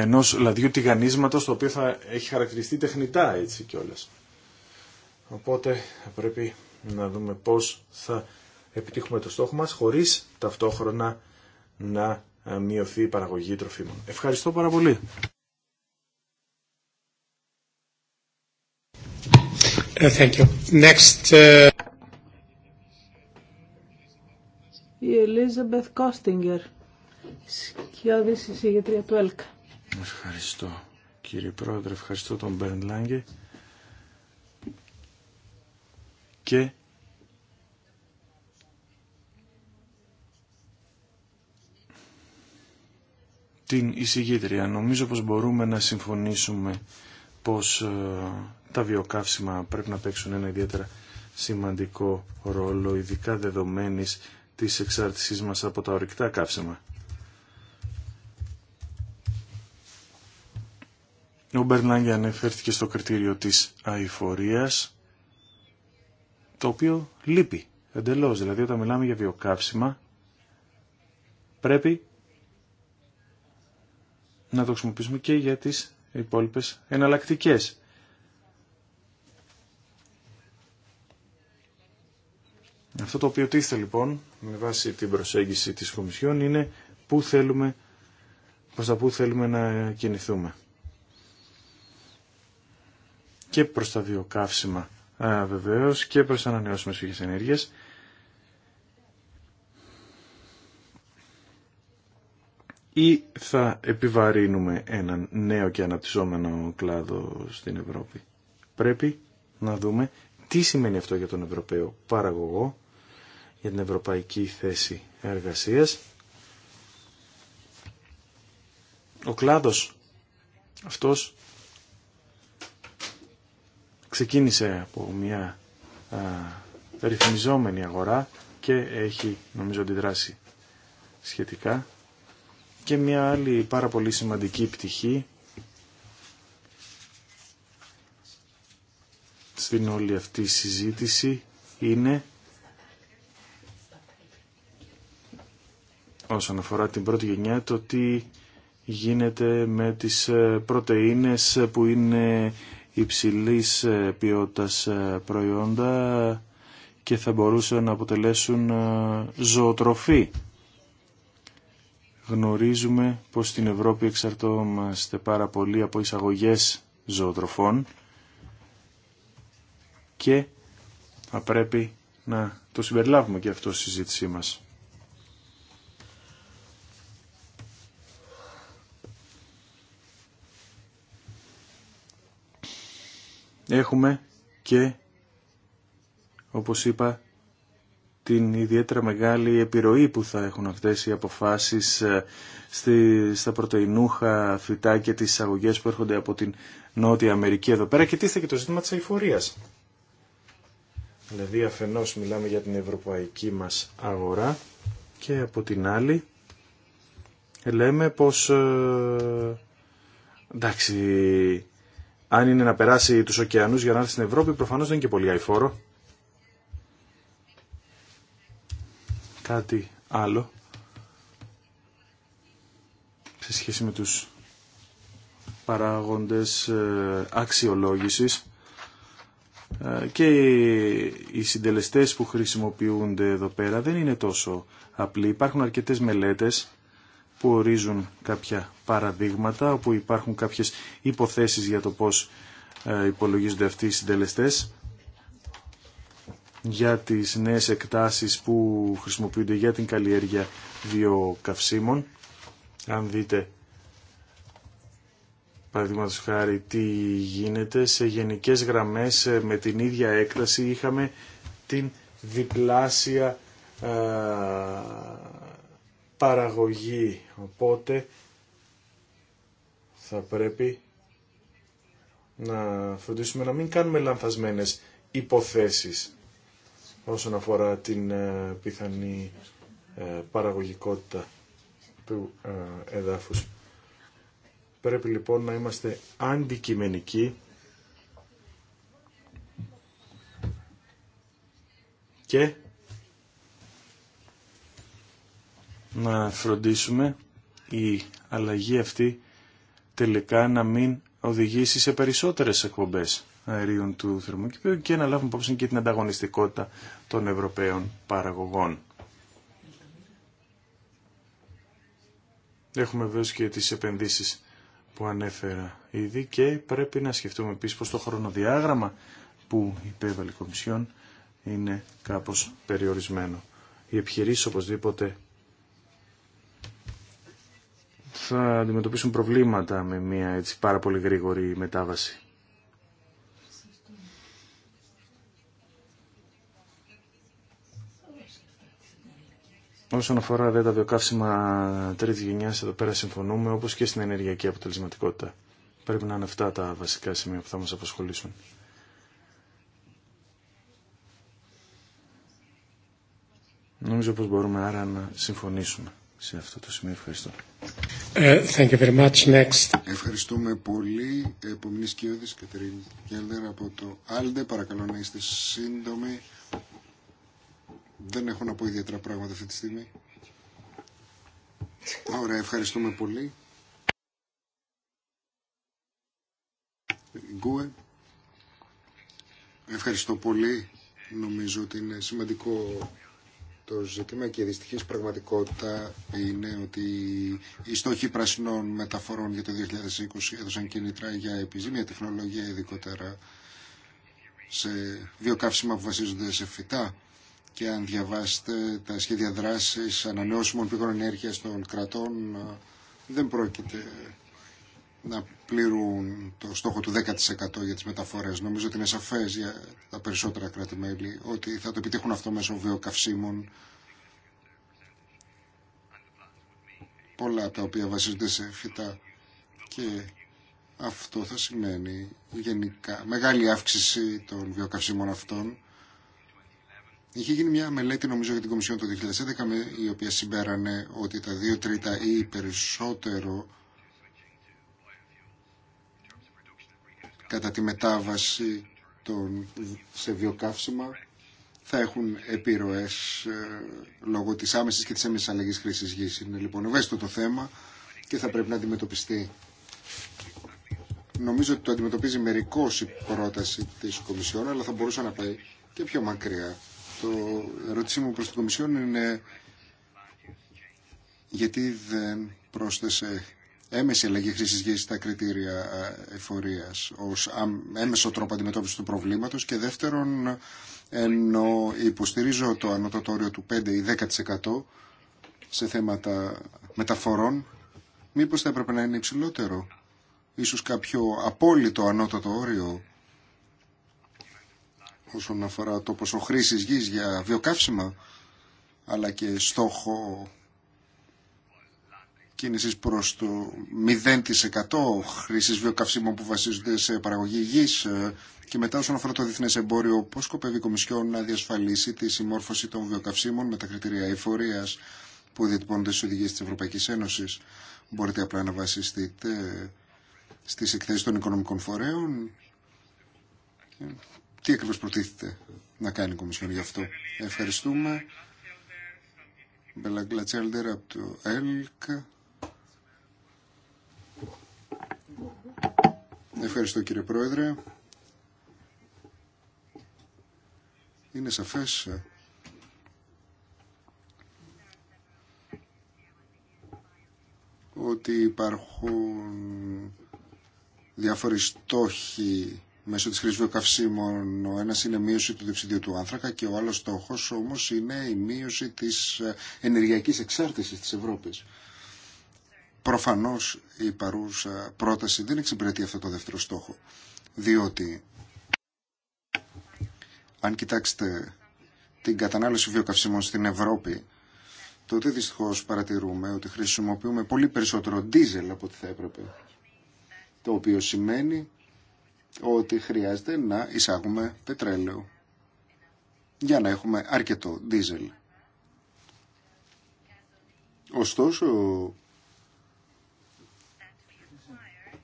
Ενό λαδιού τηγανίσματο το οποίο θα έχει χαρακτηριστεί τεχνητά έτσι κιόλας. Οπότε πρέπει να δούμε πώς θα επιτύχουμε το στόχο μας χωρίς ταυτόχρονα να μειωθεί η παραγωγή τροφίμων. Ευχαριστώ πάρα πολύ. Ε, thank you. Next, uh... Η Elizabeth Κόστιγκερ, του ΕΛΚΑ. Ευχαριστώ κύριε Πρόεδρε, ευχαριστώ τον Μπέρντ Λάγκε και την εισηγήτρια. Νομίζω πως μπορούμε να συμφωνήσουμε πως ε, τα βιοκαύσιμα πρέπει να παίξουν ένα ιδιαίτερα σημαντικό ρόλο, ειδικά δεδομένης της εξάρτησής μας από τα ορυκτά καύσιμα. Ο Μπερνάγκη ανέφερθηκε στο κριτήριο της αηφορίας, το οποίο λείπει εντελώς. Δηλαδή όταν μιλάμε για βιοκάψιμα, πρέπει να το χρησιμοποιήσουμε και για τις υπόλοιπες εναλλακτικές. Αυτό το οποίο τίθε λοιπόν με βάση την προσέγγιση της Κομισιόν είναι πού θέλουμε, πως τα πού θέλουμε να κινηθούμε και προς τα δύο καύσιμα βεβαίως και προς τα ανανεώσιμες φύγες ενέργειας. Ή θα επιβαρύνουμε έναν νέο και αναπτυσσόμενο κλάδο στην Ευρώπη. Πρέπει να δούμε τι σημαίνει αυτό για τον Ευρωπαίο παραγωγό, για την ευρωπαϊκή θέση εργασίας. Ο κλάδος αυτός ξεκίνησε από μια α, ρυθμιζόμενη αγορά και έχει νομίζω αντιδράσει σχετικά. Και μια άλλη πάρα πολύ σημαντική πτυχή στην όλη αυτή συζήτηση είναι όσον αφορά την πρώτη γενιά το τι γίνεται με τις ε, πρωτεΐνες που είναι υψηλής ε, ποιότητας ε, προϊόντα και θα μπορούσαν να αποτελέσουν ε, ζωοτροφή. Γνωρίζουμε πως στην Ευρώπη εξαρτώμαστε πάρα πολύ από εισαγωγές ζωοτροφών και θα πρέπει να το συμπεριλάβουμε και αυτό στη συζήτησή μας. Έχουμε και, όπως είπα, την ιδιαίτερα μεγάλη επιρροή που θα έχουν αυτές οι αποφάσεις ε, στη, στα πρωτεϊνούχα φυτά και τις εισαγωγέ που έρχονται από την Νότια Αμερική εδώ πέρα και τίθεται και το ζήτημα της αηφορίας. Δηλαδή αφενός μιλάμε για την ευρωπαϊκή μας αγορά και από την άλλη λέμε πως ε, εντάξει αν είναι να περάσει τους ωκεανούς για να έρθει στην Ευρώπη, προφανώς δεν είναι και πολύ αηφόρο. Κάτι άλλο σε σχέση με τους παράγοντες ε, αξιολόγησης ε, και οι συντελεστές που χρησιμοποιούνται εδώ πέρα δεν είναι τόσο απλοί. Υπάρχουν αρκετές μελέτες που ορίζουν κάποια παραδείγματα, όπου υπάρχουν κάποιες υποθέσεις για το πώς ε, υπολογίζονται αυτοί οι συντελεστές για τις νέες εκτάσεις που χρησιμοποιούνται για την καλλιέργεια βιοκαυσίμων. Αν δείτε, παραδείγματο χάρη, τι γίνεται, σε γενικές γραμμές ε, με την ίδια έκταση είχαμε την διπλάσια ε, παραγωγή. Οπότε θα πρέπει να φροντίσουμε να μην κάνουμε λανθασμένες υποθέσεις όσον αφορά την ε, πιθανή ε, παραγωγικότητα του ε, εδάφους. Πρέπει λοιπόν να είμαστε αντικειμενικοί και να φροντίσουμε η αλλαγή αυτή τελικά να μην οδηγήσει σε περισσότερες εκπομπές αερίων του θερμοκηπίου και να λάβουμε υπόψη και την ανταγωνιστικότητα των Ευρωπαίων παραγωγών. Έχουμε βέβαια και τις επενδύσεις που ανέφερα ήδη και πρέπει να σκεφτούμε επίσης πως το χρονοδιάγραμμα που υπέβαλε η Κομισιόν είναι κάπως περιορισμένο. Οι επιχειρήσει οπωσδήποτε θα αντιμετωπίσουν προβλήματα με μια έτσι πάρα πολύ γρήγορη μετάβαση. Όσον αφορά δε, τα βιοκαύσιμα τρίτη γενιά, εδώ πέρα συμφωνούμε, όπω και στην ενεργειακή αποτελεσματικότητα. Πρέπει να είναι αυτά τα βασικά σημεία που θα μα απασχολήσουν. Νομίζω πως μπορούμε άρα να συμφωνήσουμε σε αυτό το σημείο. Ευχαριστώ. Ε, thank you very much. Next. Ευχαριστούμε πολύ. Επόμενη σκιώδης, Κατερίνη Γέλντερ από το Άλντε. Παρακαλώ να είστε σύντομοι. Δεν έχω να πω ιδιαίτερα πράγματα αυτή τη στιγμή. Ωραία, ευχαριστούμε πολύ. Γκουε. Ευχαριστώ πολύ. Νομίζω ότι είναι σημαντικό το ζήτημα και η δυστυχή πραγματικότητα είναι ότι οι στόχοι πρασινών μεταφορών για το 2020 έδωσαν κίνητρα για επιζήμια τεχνολογία, ειδικότερα σε βιοκαύσιμα που βασίζονται σε φυτά. Και αν διαβάσετε τα σχέδια δράσης ανανεώσιμων πηγών ενέργειας των κρατών, δεν πρόκειται να πλήρουν το στόχο του 10% για τις μεταφορές. Νομίζω ότι είναι σαφές για τα περισσότερα κράτη-μέλη ότι θα το επιτύχουν αυτό μέσω βιοκαυσίμων. Πολλά τα οποία βασίζονται σε φυτά και αυτό θα σημαίνει γενικά μεγάλη αύξηση των βιοκαυσίμων αυτών. Είχε γίνει μια μελέτη νομίζω για την Κομισιόν το 2011 η οποία συμπέρανε ότι τα δύο τρίτα ή περισσότερο κατά τη μετάβαση των, σε βιοκαύσιμα θα έχουν επιρροές ε, λόγω της άμεσης και της έμεσης αλλαγής χρήσης γης. Είναι λοιπόν ευαίσθητο το θέμα και θα πρέπει να αντιμετωπιστεί. Νομίζω ότι το αντιμετωπίζει μερικώς η πρόταση της Κομισιόν, αλλά θα μπορούσε να πάει και πιο μακριά. Το ερώτησή μου προς την Κομισιόν είναι γιατί δεν πρόσθεσε έμεση αλλαγή χρήση γη στα κριτήρια ε, εφορία ω έμεσο τρόπο αντιμετώπιση του προβλήματο. Και δεύτερον, ενώ υποστηρίζω το ανώτατο όριο του 5 ή 10% σε θέματα μεταφορών, μήπω θα έπρεπε να είναι υψηλότερο, ίσως κάποιο απόλυτο ανώτατο όριο όσον αφορά το ποσό χρήση γη για βιοκαύσιμα αλλά και στόχο κίνησης προς το 0% χρήσης βιοκαυσίμων που βασίζονται σε παραγωγή γης ε, και μετά όσον αφορά το διεθνές εμπόριο, πώς σκοπεύει η Κομισιόν να διασφαλίσει τη συμμόρφωση των βιοκαυσίμων με τα κριτήρια εφορίας που διατυπώνονται στις οδηγίες της Ευρωπαϊκής Ένωσης. Μπορείτε απλά να βασιστείτε ε, στις εκθέσεις των οικονομικών φορέων. Ε, τι ακριβώ προτίθεται να κάνει η Κομισιόν γι' αυτό. Ευχαριστούμε. Μπελαγκλατσέλντερ από το ΕΛΚ. Ευχαριστώ κύριε Πρόεδρε. Είναι σαφές ε, ότι υπάρχουν διάφοροι στόχοι μέσω της χρήσης βιοκαυσίμων. Ο ένας είναι μείωση του διοξιδίου του άνθρακα και ο άλλος στόχος όμως είναι η μείωση της ε, ενεργειακής εξάρτησης της Ευρώπης. Προφανώς η παρούσα πρόταση δεν εξυπηρετεί αυτό το δεύτερο στόχο, διότι αν κοιτάξετε την κατανάλωση βιοκαυσίμων στην Ευρώπη, τότε δυστυχώς παρατηρούμε ότι χρησιμοποιούμε πολύ περισσότερο ντίζελ από ό,τι θα έπρεπε. Το οποίο σημαίνει ότι χρειάζεται να εισάγουμε πετρέλαιο για να έχουμε αρκετό ντίζελ. Ωστόσο,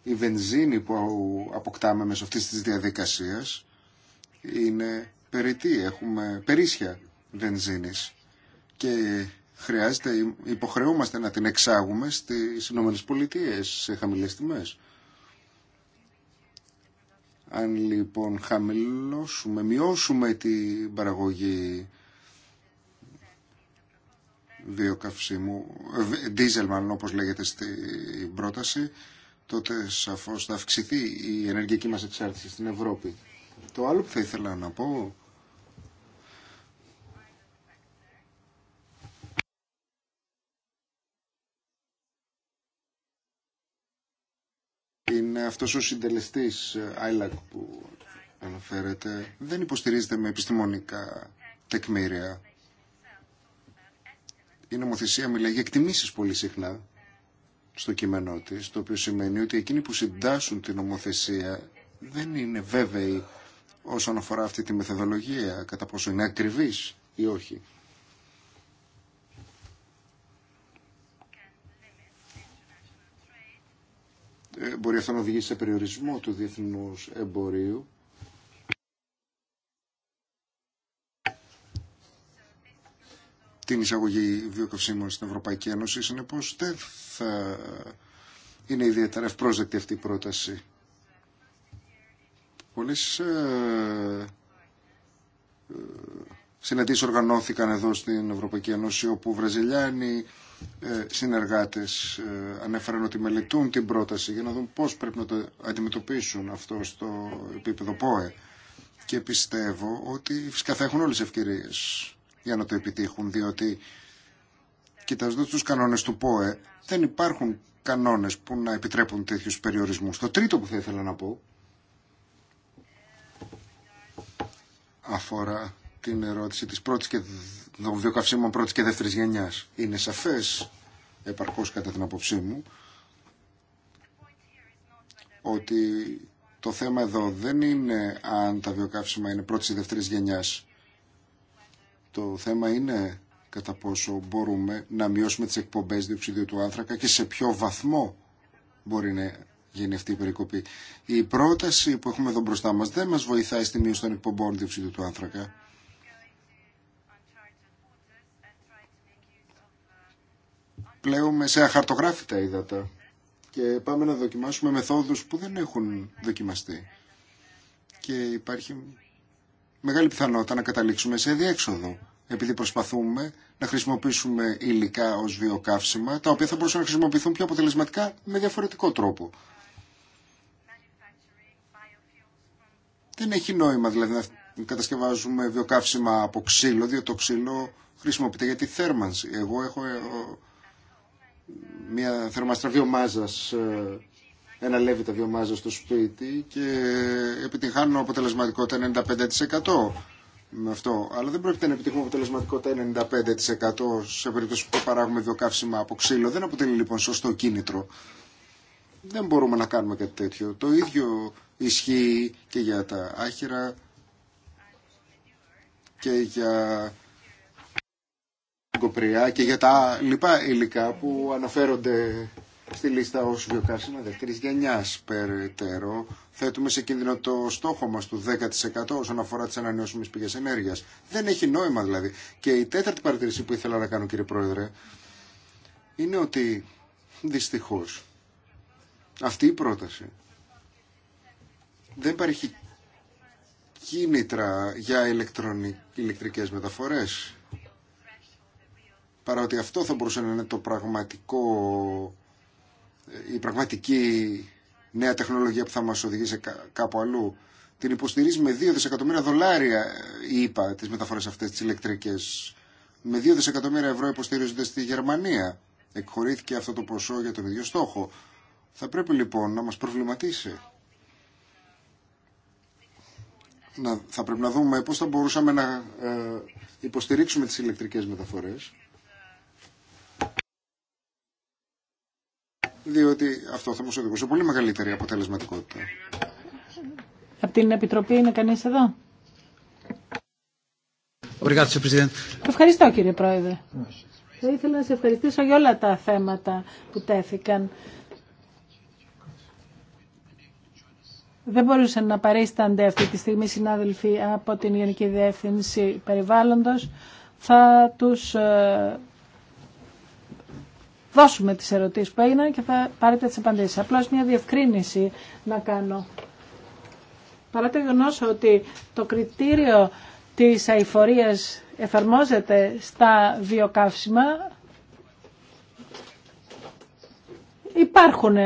η βενζίνη που αποκτάμε μέσω αυτής της διαδικασίας είναι περιττή, έχουμε περίσσια βενζίνης και χρειάζεται, υποχρεούμαστε να την εξάγουμε στις Ηνωμένες Πολιτείες σε χαμηλές τιμές. Αν λοιπόν χαμηλώσουμε, μειώσουμε την παραγωγή βιοκαυσίμου, ε, δίζελ μάλλον όπως λέγεται στην πρόταση, τότε σαφώς θα αυξηθεί η ενεργειακή μας εξάρτηση στην Ευρώπη. Το άλλο που θα ήθελα να πω είναι αυτός ο συντελεστής ε, Άιλακ που αναφέρεται. Δεν υποστηρίζεται με επιστημονικά τεκμήρια. Η νομοθεσία μιλάει για εκτιμήσεις πολύ συχνά στο κείμενό τη, το οποίο σημαίνει ότι εκείνοι που συντάσσουν την νομοθεσία δεν είναι βέβαιοι όσον αφορά αυτή τη μεθοδολογία, κατά πόσο είναι ακριβή ή όχι. Ε, μπορεί αυτό να οδηγήσει σε περιορισμό του διεθνούς εμπορίου την εισαγωγή βιοκαυσίμων στην Ευρωπαϊκή Ένωση. Συνεπώ δεν θα είναι ιδιαίτερα ευπρόσδεκτη αυτή η πρόταση. Πολλές ε, ε, συναντήσει οργανώθηκαν εδώ στην Ευρωπαϊκή Ένωση όπου Βραζιλιάνοι ε, συνεργάτες ανέφεραν ότι μελετούν την πρόταση για να δουν πώς πρέπει να το αντιμετωπίσουν αυτό στο επίπεδο ΠΟΕ και πιστεύω ότι φυσικά θα έχουν όλες τις ευκαιρίες για να το επιτύχουν, διότι κοιτάζοντας τους κανόνες του ΠΟΕ δεν υπάρχουν κανόνες που να επιτρέπουν τέτοιους περιορισμούς. Το τρίτο που θα ήθελα να πω αφορά την ερώτηση της πρώτης και των βιοκαυσίμων πρώτης και δεύτερης γενιάς. Είναι σαφές, επαρκώς κατά την απόψή μου, ότι το θέμα εδώ δεν είναι αν τα βιοκαύσιμα είναι πρώτη ή δεύτερη γενιά. Το θέμα είναι κατά πόσο μπορούμε να μειώσουμε τις εκπομπές διοξιδίου του άνθρακα και σε ποιο βαθμό μπορεί να γίνει αυτή η περικοπή. Η πρόταση που έχουμε εδώ μπροστά μας δεν μας βοηθάει στη μείωση των εκπομπών διοξιδίου του άνθρακα. Πλέουμε σε αχαρτογράφητα ύδατα και πάμε να δοκιμάσουμε μεθόδους που δεν έχουν δοκιμαστεί. Και υπάρχει μεγάλη πιθανότητα να καταλήξουμε σε διέξοδο επειδή προσπαθούμε να χρησιμοποιήσουμε υλικά ως βιοκαύσιμα, τα οποία θα μπορούσαν να χρησιμοποιηθούν πιο αποτελεσματικά με διαφορετικό τρόπο. Δεν έχει νόημα δηλαδή να κατασκευάζουμε βιοκαύσιμα από ξύλο, διότι το ξύλο χρησιμοποιείται για τη θέρμανση. Εγώ έχω ε, μια θερμαστραβιομάζας... Ε, ένα τα βιομάζα στο σπίτι και επιτυχάνουν αποτελεσματικότητα 95% με αυτό. Αλλά δεν πρόκειται να επιτυχούμε αποτελεσματικότητα 95% σε περίπτωση που παράγουμε βιοκαύσιμα από ξύλο. Δεν αποτελεί λοιπόν σωστό κίνητρο. Δεν μπορούμε να κάνουμε κάτι τέτοιο. Το ίδιο ισχύει και για τα άχυρα και για κοπριά και για τα λοιπά υλικά που αναφέρονται στη λίστα ως βιοκαύσιμα δεύτερης γενιάς. Περαιτέρω θέτουμε σε κίνδυνο το στόχο μας του 10% όσον αφορά τις ανανεώσιμες πηγές ενέργειας. Δεν έχει νόημα δηλαδή. Και η τέταρτη παρατηρήση που ήθελα να κάνω κύριε Πρόεδρε είναι ότι δυστυχώς αυτή η πρόταση δεν υπάρχει κίνητρα για ηλεκτρικές μεταφορές παρά ότι αυτό θα μπορούσε να είναι το πραγματικό η πραγματική νέα τεχνολογία που θα μας οδηγήσει κάπου αλλού. Την υποστηρίζει με 2 δισεκατομμύρια δολάρια ε, η τις μεταφορές αυτές τις ηλεκτρικές. Με 2 δισεκατομμύρια ευρώ υποστηρίζονται στη Γερμανία. Εκχωρήθηκε αυτό το ποσό για τον ίδιο στόχο. Θα πρέπει λοιπόν να μας προβληματίσει. Να, θα πρέπει να δούμε πώς θα μπορούσαμε να ε, υποστηρίξουμε τις ηλεκτρικές μεταφορές διότι αυτό θα μας οδηγούσε πολύ μεγαλύτερη αποτελεσματικότητα. Από την Επιτροπή είναι κανείς εδώ. Ευχαριστώ κύριε Πρόεδρε. Θα ήθελα να σε ευχαριστήσω για όλα τα θέματα που τέθηκαν. Δεν μπορούσαν να παρίστανται αυτή τη στιγμή συνάδελφοι από την Γενική Διεύθυνση Περιβάλλοντος. Θα τους ε, δώσουμε τις ερωτήσεις που έγιναν και θα πάρετε τις απαντήσεις. Απλώς μια διευκρίνηση να κάνω. Παρά το γεγονό ότι το κριτήριο της αηφορίας εφαρμόζεται στα βιοκαύσιμα, υπάρχουν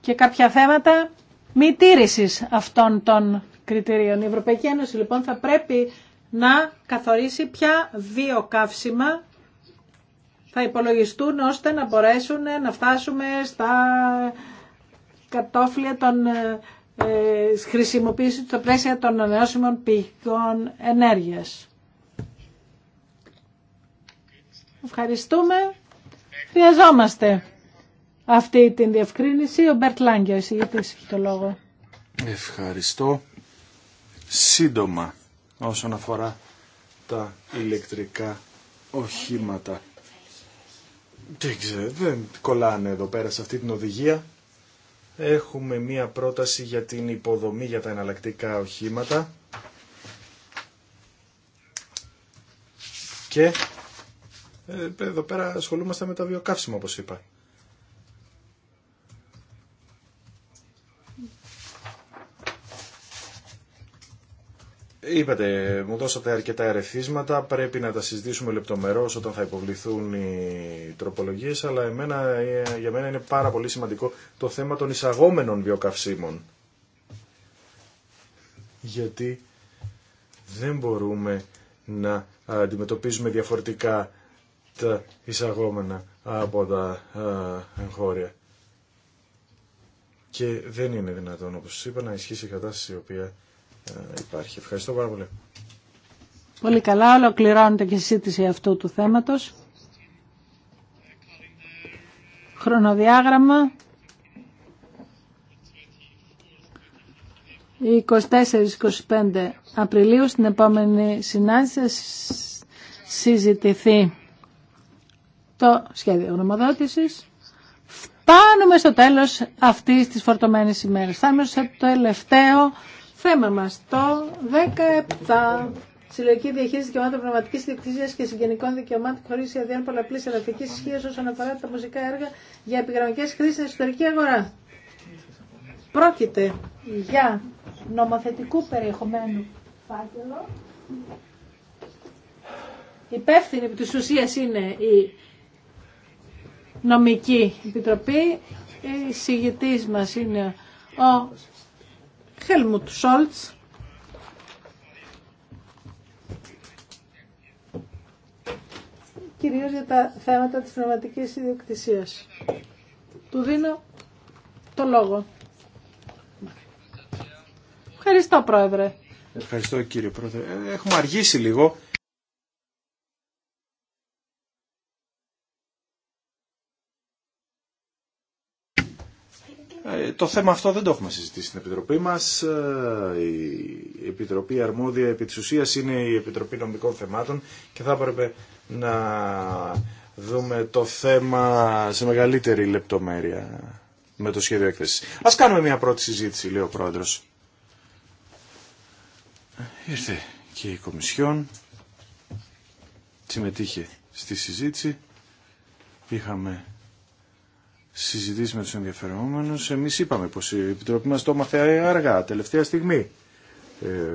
και κάποια θέματα μη τήρησης αυτών των κριτηρίων. Η Ευρωπαϊκή Ένωση λοιπόν θα πρέπει να καθορίσει ποια βιοκαύσιμα θα υπολογιστούν ώστε να μπορέσουν να φτάσουμε στα κατόφλια των ε, ε χρησιμοποίηση στα των ανανεώσιμων πηγών ενέργειας. Ευχαριστούμε. Χρειαζόμαστε αυτή την διευκρίνηση. Ο Μπερτ Λάγκια, εισηγητής, έχει το λόγο. Ευχαριστώ. Σύντομα όσον αφορά τα ηλεκτρικά οχήματα. Δεν ξέρω, δεν κολλάνε εδώ πέρα σε αυτή την οδηγία. Έχουμε μία πρόταση για την υποδομή για τα εναλλακτικά οχήματα. Και ε, εδώ πέρα ασχολούμαστε με τα βιοκαύσιμα όπως είπα. Είπατε, μου δώσατε αρκετά ερεθίσματα, πρέπει να τα συζητήσουμε λεπτομερώς όταν θα υποβληθούν οι τροπολογίες, αλλά εμένα, για μένα είναι πάρα πολύ σημαντικό το θέμα των εισαγόμενων βιοκαυσίμων. Γιατί δεν μπορούμε να αντιμετωπίζουμε διαφορετικά τα εισαγόμενα από τα εγχώρια. Και δεν είναι δυνατόν, όπως είπα, να ισχύσει η κατάσταση η οποία ε, υπάρχει. Ευχαριστώ πάρα πολύ. Πολύ καλά. Ολοκληρώνεται και η συζήτηση αυτού του θέματος. Χρονοδιάγραμμα. 24-25 Απριλίου στην επόμενη συνάντηση συζητηθεί το σχέδιο γνωμοδότησης. Φτάνουμε στο τέλος αυτής της φορτωμένης ημέρας. Φτάνουμε στο τελευταίο θέμα μας, το 17. Συλλογική διαχείριση δικαιωμάτων πνευματική διεκτησία και συγγενικών δικαιωμάτων χωρί ιδιαίτερη πολλαπλή ελαφρική ισχύω όσον αφορά τα μουσικά έργα για επιγραμμικέ χρήσει στην εσωτερική αγορά. Πρόκειται για νομοθετικού περιεχομένου φάκελο. Υπεύθυνη τη ουσία είναι η νομική επιτροπή. Η συγητής μας είναι ο Χέλμουτ Σόλτς. Κυρίως για τα θέματα της πνευματικής ιδιοκτησίας. Του δίνω το λόγο. Ευχαριστώ, Πρόεδρε. Ευχαριστώ, κύριε Πρόεδρε. Ε, έχουμε αργήσει λίγο. Ε, το θέμα αυτό δεν το έχουμε συζητήσει στην Επιτροπή μας. Ε, η Επιτροπή Αρμόδια επί της ουσίας είναι η Επιτροπή Νομικών Θεμάτων και θα έπρεπε να δούμε το θέμα σε μεγαλύτερη λεπτομέρεια με το σχέδιο έκθεσης. Ας κάνουμε μια πρώτη συζήτηση, λέει ο Πρόεδρος. Ήρθε και η Κομισιόν, συμμετείχε στη συζήτηση. Είχαμε συζητήσει με του ενδιαφερόμενου. Εμείς είπαμε πως η Επιτροπή μας το έμαθε αργά, τελευταία στιγμή.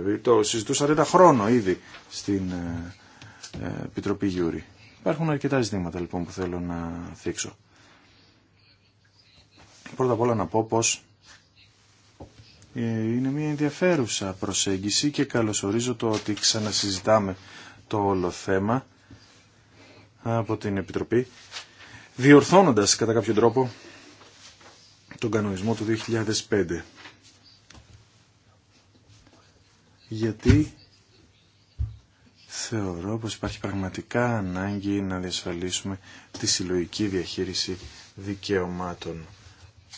Ε, το συζητούσα ένα χρόνο ήδη στην ε, ε, Επιτροπή Γιούρη. Υπάρχουν αρκετά ζητήματα λοιπόν που θέλω να θίξω. Πρώτα απ' όλα να πω πως ε, είναι μια ενδιαφέρουσα προσέγγιση και καλωσορίζω το ότι ξανασυζητάμε το όλο θέμα από την Επιτροπή διορθώνοντας κατά κάποιο τρόπο τον κανονισμό του 2005. Γιατί θεωρώ πως υπάρχει πραγματικά ανάγκη να διασφαλίσουμε τη συλλογική διαχείριση δικαιωμάτων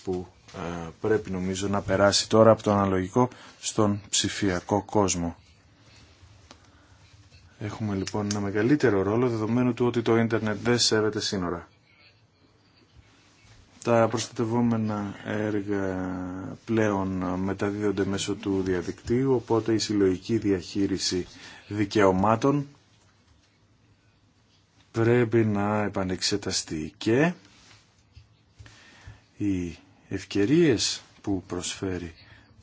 που ε, πρέπει νομίζω να περάσει τώρα από το αναλογικό στον ψηφιακό κόσμο. Έχουμε λοιπόν ένα μεγαλύτερο ρόλο δεδομένου του ότι το ίντερνετ δεν σέβεται σύνορα. Τα προστατευόμενα έργα πλέον μεταδίδονται μέσω του διαδικτύου, οπότε η συλλογική διαχείριση δικαιωμάτων πρέπει να επανεξεταστεί και οι ευκαιρίες που προσφέρει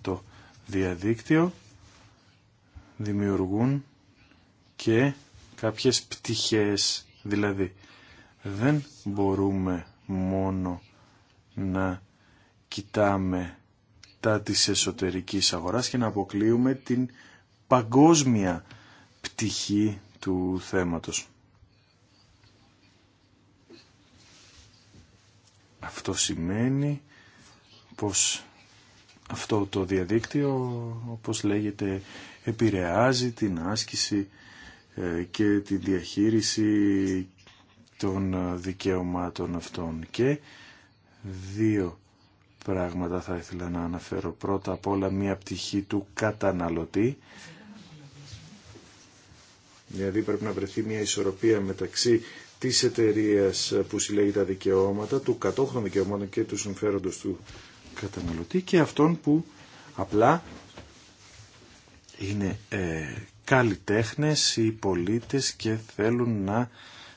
το διαδίκτυο δημιουργούν και κάποιες πτυχές, δηλαδή δεν μπορούμε μόνο να κοιτάμε τα της εσωτερικής αγοράς και να αποκλείουμε την παγκόσμια πτυχή του θέματος. Αυτό σημαίνει πως αυτό το διαδίκτυο, όπως λέγεται, επηρεάζει την άσκηση ε, και την διαχείριση των δικαιωμάτων αυτών και Δύο πράγματα θα ήθελα να αναφέρω. Πρώτα απ' όλα μία πτυχή του καταναλωτή. Δηλαδή πρέπει να βρεθεί μια ισορροπία μεταξύ της εταιρεία που συλλέγει τα δικαιώματα, του κατόχρων εταιρεια που συλλεγει τα δικαιωματα του κατόχων δικαιωματων και του συμφέροντος του καταναλωτή και αυτών που απλά είναι ε, καλλιτέχνες ή πολίτες και θέλουν να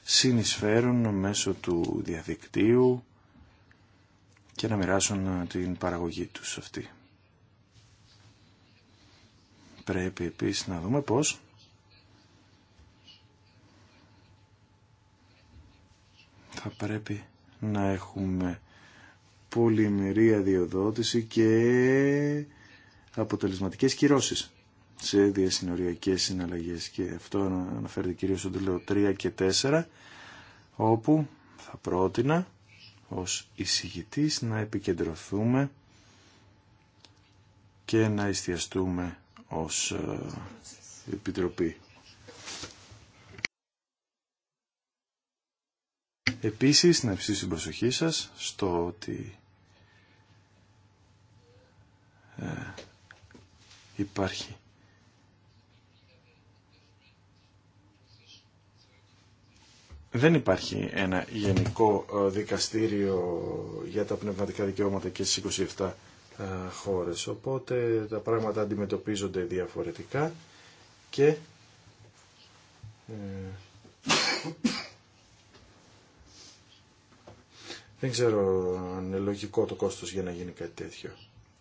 συνεισφέρουν μέσω του διαδικτύου και να μοιράσουν ε, την παραγωγή τους αυτή. Πρέπει επίσης να δούμε πώς θα πρέπει να έχουμε πολυμερή αδειοδότηση και αποτελεσματικές κυρώσεις σε διασυνοριακές συναλλαγές και αυτό αναφέρεται κυρίως στον τελείο 3 και 4 όπου θα πρότεινα ως εισηγητής να επικεντρωθούμε και να εστιαστούμε ως ε, Επιτροπή. Επίσης, να ψήσω την προσοχή σας στο ότι ε, υπάρχει δεν υπάρχει ένα γενικό ε, δικαστήριο για τα πνευματικά δικαιώματα και στις 27 ε, χώρες. Οπότε τα πράγματα αντιμετωπίζονται διαφορετικά και ε, δεν ξέρω αν είναι λογικό το κόστος για να γίνει κάτι τέτοιο.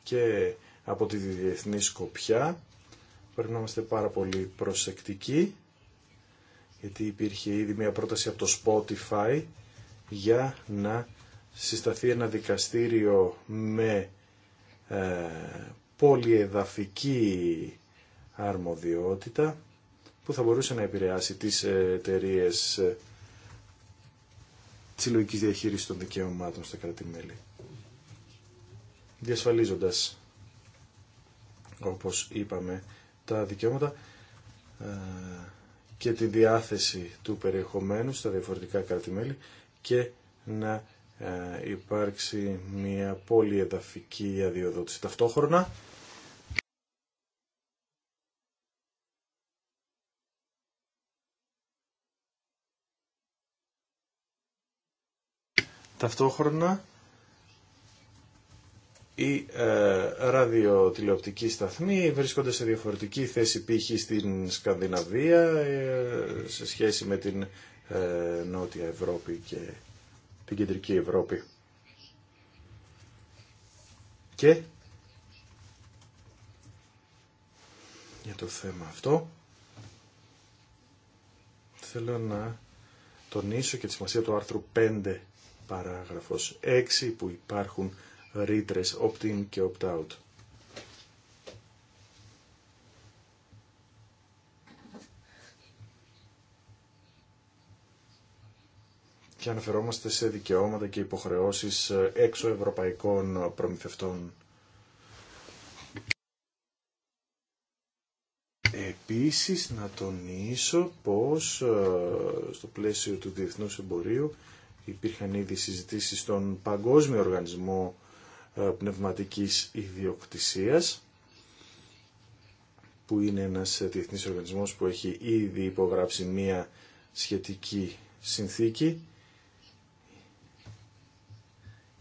Και από τη διεθνή σκοπιά πρέπει να είμαστε πάρα πολύ προσεκτικοί γιατί υπήρχε ήδη μια πρόταση από το Spotify για να συσταθεί ένα δικαστήριο με ε, πολυεδαφική αρμοδιότητα που θα μπορούσε να επηρεάσει τις εταιρείε ε, της συλλογική διαχείρισης των δικαιωμάτων στα κράτη-μέλη. Διασφαλίζοντας, όπως είπαμε, τα δικαιώματα ε, και τη διάθεση του περιεχομένου στα διαφορετικά και να ε, υπάρξει μια πολυεδαφική αδειοδότηση. Ταυτόχρονα Ταυτόχρονα οι ε, ραδιοτηλεοπτικοί σταθμοί βρίσκονται σε διαφορετική θέση π.χ. στην Σκανδιναβία ε, σε σχέση με την ε, Νότια Ευρώπη και την Κεντρική Ευρώπη. Και για το θέμα αυτό θέλω να τονίσω και τη σημασία του άρθρου 5 παράγραφος 6 που υπάρχουν ρητρες opt opt-in και opt-out. Και αναφερόμαστε σε δικαιώματα και υποχρεώσεις έξω ευρωπαϊκών προμηθευτών. Επίσης να τονίσω πως ε, στο πλαίσιο του διεθνούς εμπορίου υπήρχαν ήδη συζητήσεις στον Παγκόσμιο Οργανισμό ε, πνευματικής ιδιοκτησίας που είναι ένας ε, διεθνής οργανισμός που έχει ήδη υπογράψει μία σχετική συνθήκη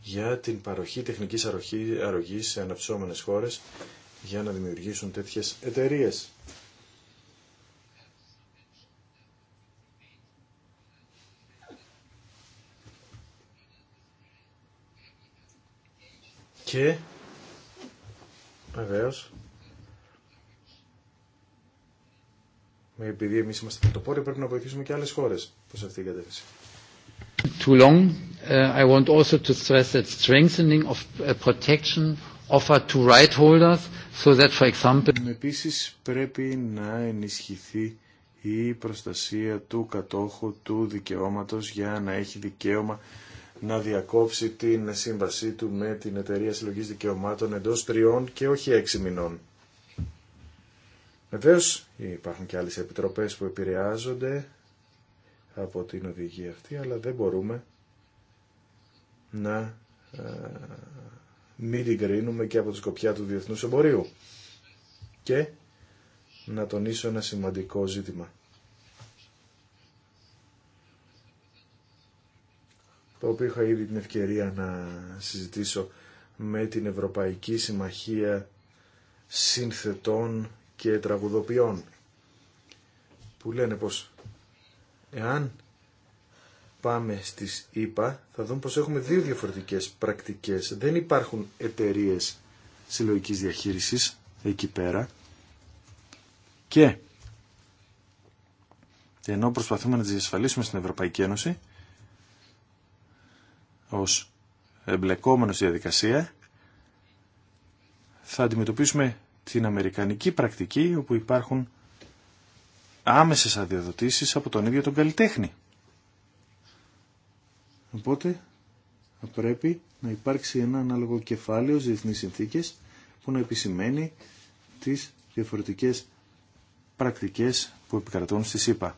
για την παροχή τεχνικής αρρωγής σε αναψώμενες χώρες για να δημιουργήσουν τέτοιες εταιρείες. και βεβαίω. Επειδή εμεί είμαστε πρωτοπόροι, πρέπει να βοηθήσουμε και άλλε χώρε προ αυτή την κατεύθυνση. Too long. Uh, I want also to stress that strengthening of uh, protection offered to right holders, so that, for example. Επίσης πρέπει να ενισχυθεί η προστασία του κατόχου του δικαιώματος για να έχει δικαίωμα να διακόψει την σύμβασή του με την Εταιρεία Συλλογής Δικαιωμάτων εντός τριών και όχι έξι μηνών. Βεβαίω υπάρχουν και άλλες επιτροπές που επηρεάζονται από την οδηγία αυτή, αλλά δεν μπορούμε να ε, μην την κρίνουμε και από τη σκοπιά του διεθνούς εμπορίου. Και να τονίσω ένα σημαντικό ζήτημα. το οποίο είχα ήδη την ευκαιρία να συζητήσω με την Ευρωπαϊκή Συμμαχία Συνθετών και Τραγουδοποιών που λένε πως εάν πάμε στις ΙΠΑ θα δούμε πως έχουμε δύο διαφορετικές πρακτικές. Δεν υπάρχουν εταιρείε συλλογικής διαχείρισης εκεί πέρα και ενώ προσπαθούμε να τις διασφαλίσουμε στην Ευρωπαϊκή Ένωση ως εμπλεκόμενο διαδικασία θα αντιμετωπίσουμε την αμερικανική πρακτική όπου υπάρχουν άμεσες αδειοδοτήσεις από τον ίδιο τον καλλιτέχνη. Οπότε θα πρέπει να υπάρξει ένα ανάλογο κεφάλαιο στις διεθνείς συνθήκες που να επισημαίνει τις διαφορετικές πρακτικές που επικρατούν στη ΣΥΠΑ.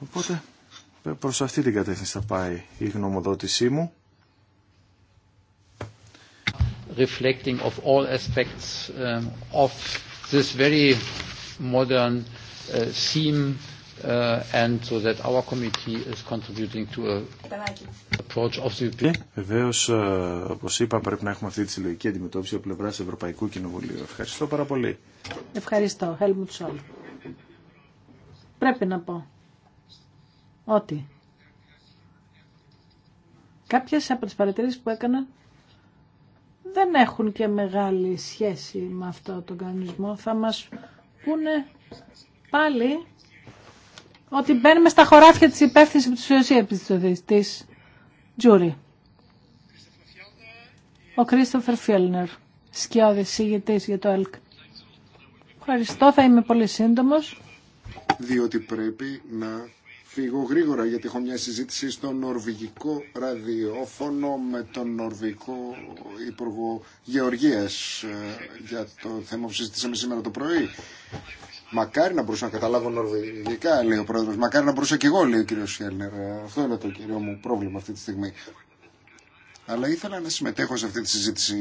Οπότε Προς αυτή την κατεύθυνση θα πάει η γνωμοδότησή μου. Reflecting of all aspects uh, of this very modern uh, theme uh, and so that our committee is contributing to a approach of the European. Βεβαίως, uh, όπως είπα, πρέπει να έχουμε αυτή τη συλλογική αντιμετώπιση από πλευράς Ευρωπαϊκού Κοινοβουλίου. Ευχαριστώ πάρα πολύ. Ευχαριστώ, Helmut Scholl. Πρέπει να πω ότι κάποιες από τις παρατηρήσεις που έκανα δεν έχουν και μεγάλη σχέση με αυτό τον κανονισμό. Θα μας πούνε πάλι ότι μπαίνουμε στα χωράφια της υπεύθυνσης της ουσίας της Τζούρι. Ο Κρίστοφερ Φιέλνερ, σκιώδης συγγετής για το ΕΛΚ. Ευχαριστώ, θα είμαι πολύ σύντομος. Διότι πρέπει να εγώ γρήγορα γιατί έχω μια συζήτηση στο νορβηγικό ραδιόφωνο με τον νορβηγικό Υπουργό Γεωργίας ε, για το θέμα που συζητήσαμε σήμερα το πρωί. Μακάρι να μπορούσα να καταλάβω νορβηγικά, λέει ο πρόεδρο. Μακάρι να μπορούσα και εγώ, λέει ο κύριο Χέλνερ. Αυτό είναι το κύριο μου πρόβλημα αυτή τη στιγμή. Αλλά ήθελα να συμμετέχω σε αυτή τη συζήτηση.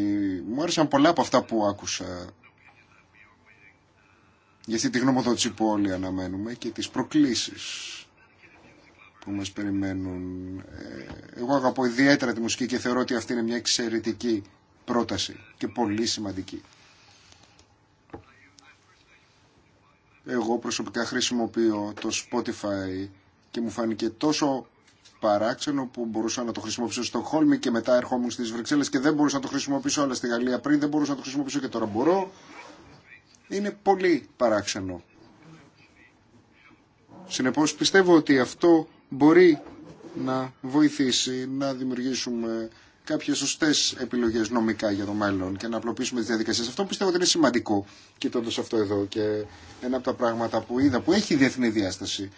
Μου άρεσαν πολλά από αυτά που άκουσα για αυτή τη γνωμοδότηση που όλοι αναμένουμε και τις προκλήσεις που μας περιμένουν. Ε, εγώ αγαπώ ιδιαίτερα τη μουσική και θεωρώ ότι αυτή είναι μια εξαιρετική πρόταση και πολύ σημαντική. Εγώ προσωπικά χρησιμοποιώ το Spotify και μου φάνηκε τόσο παράξενο που μπορούσα να το χρησιμοποιήσω στο Χόλμη και μετά ερχόμουν στις Βρυξέλλες και δεν μπορούσα να το χρησιμοποιήσω άλλα στη Γαλλία πριν, δεν μπορούσα να το χρησιμοποιήσω και τώρα μπορώ. Είναι πολύ παράξενο. Συνεπώς πιστεύω ότι αυτό μπορεί να βοηθήσει να δημιουργήσουμε κάποιε σωστέ επιλογέ νομικά για το μέλλον και να απλοποιήσουμε τι διαδικασίε. Αυτό πιστεύω ότι είναι σημαντικό, κοιτώντα αυτό εδώ. Και ένα από τα πράγματα που είδα, που έχει διεθνή διάσταση,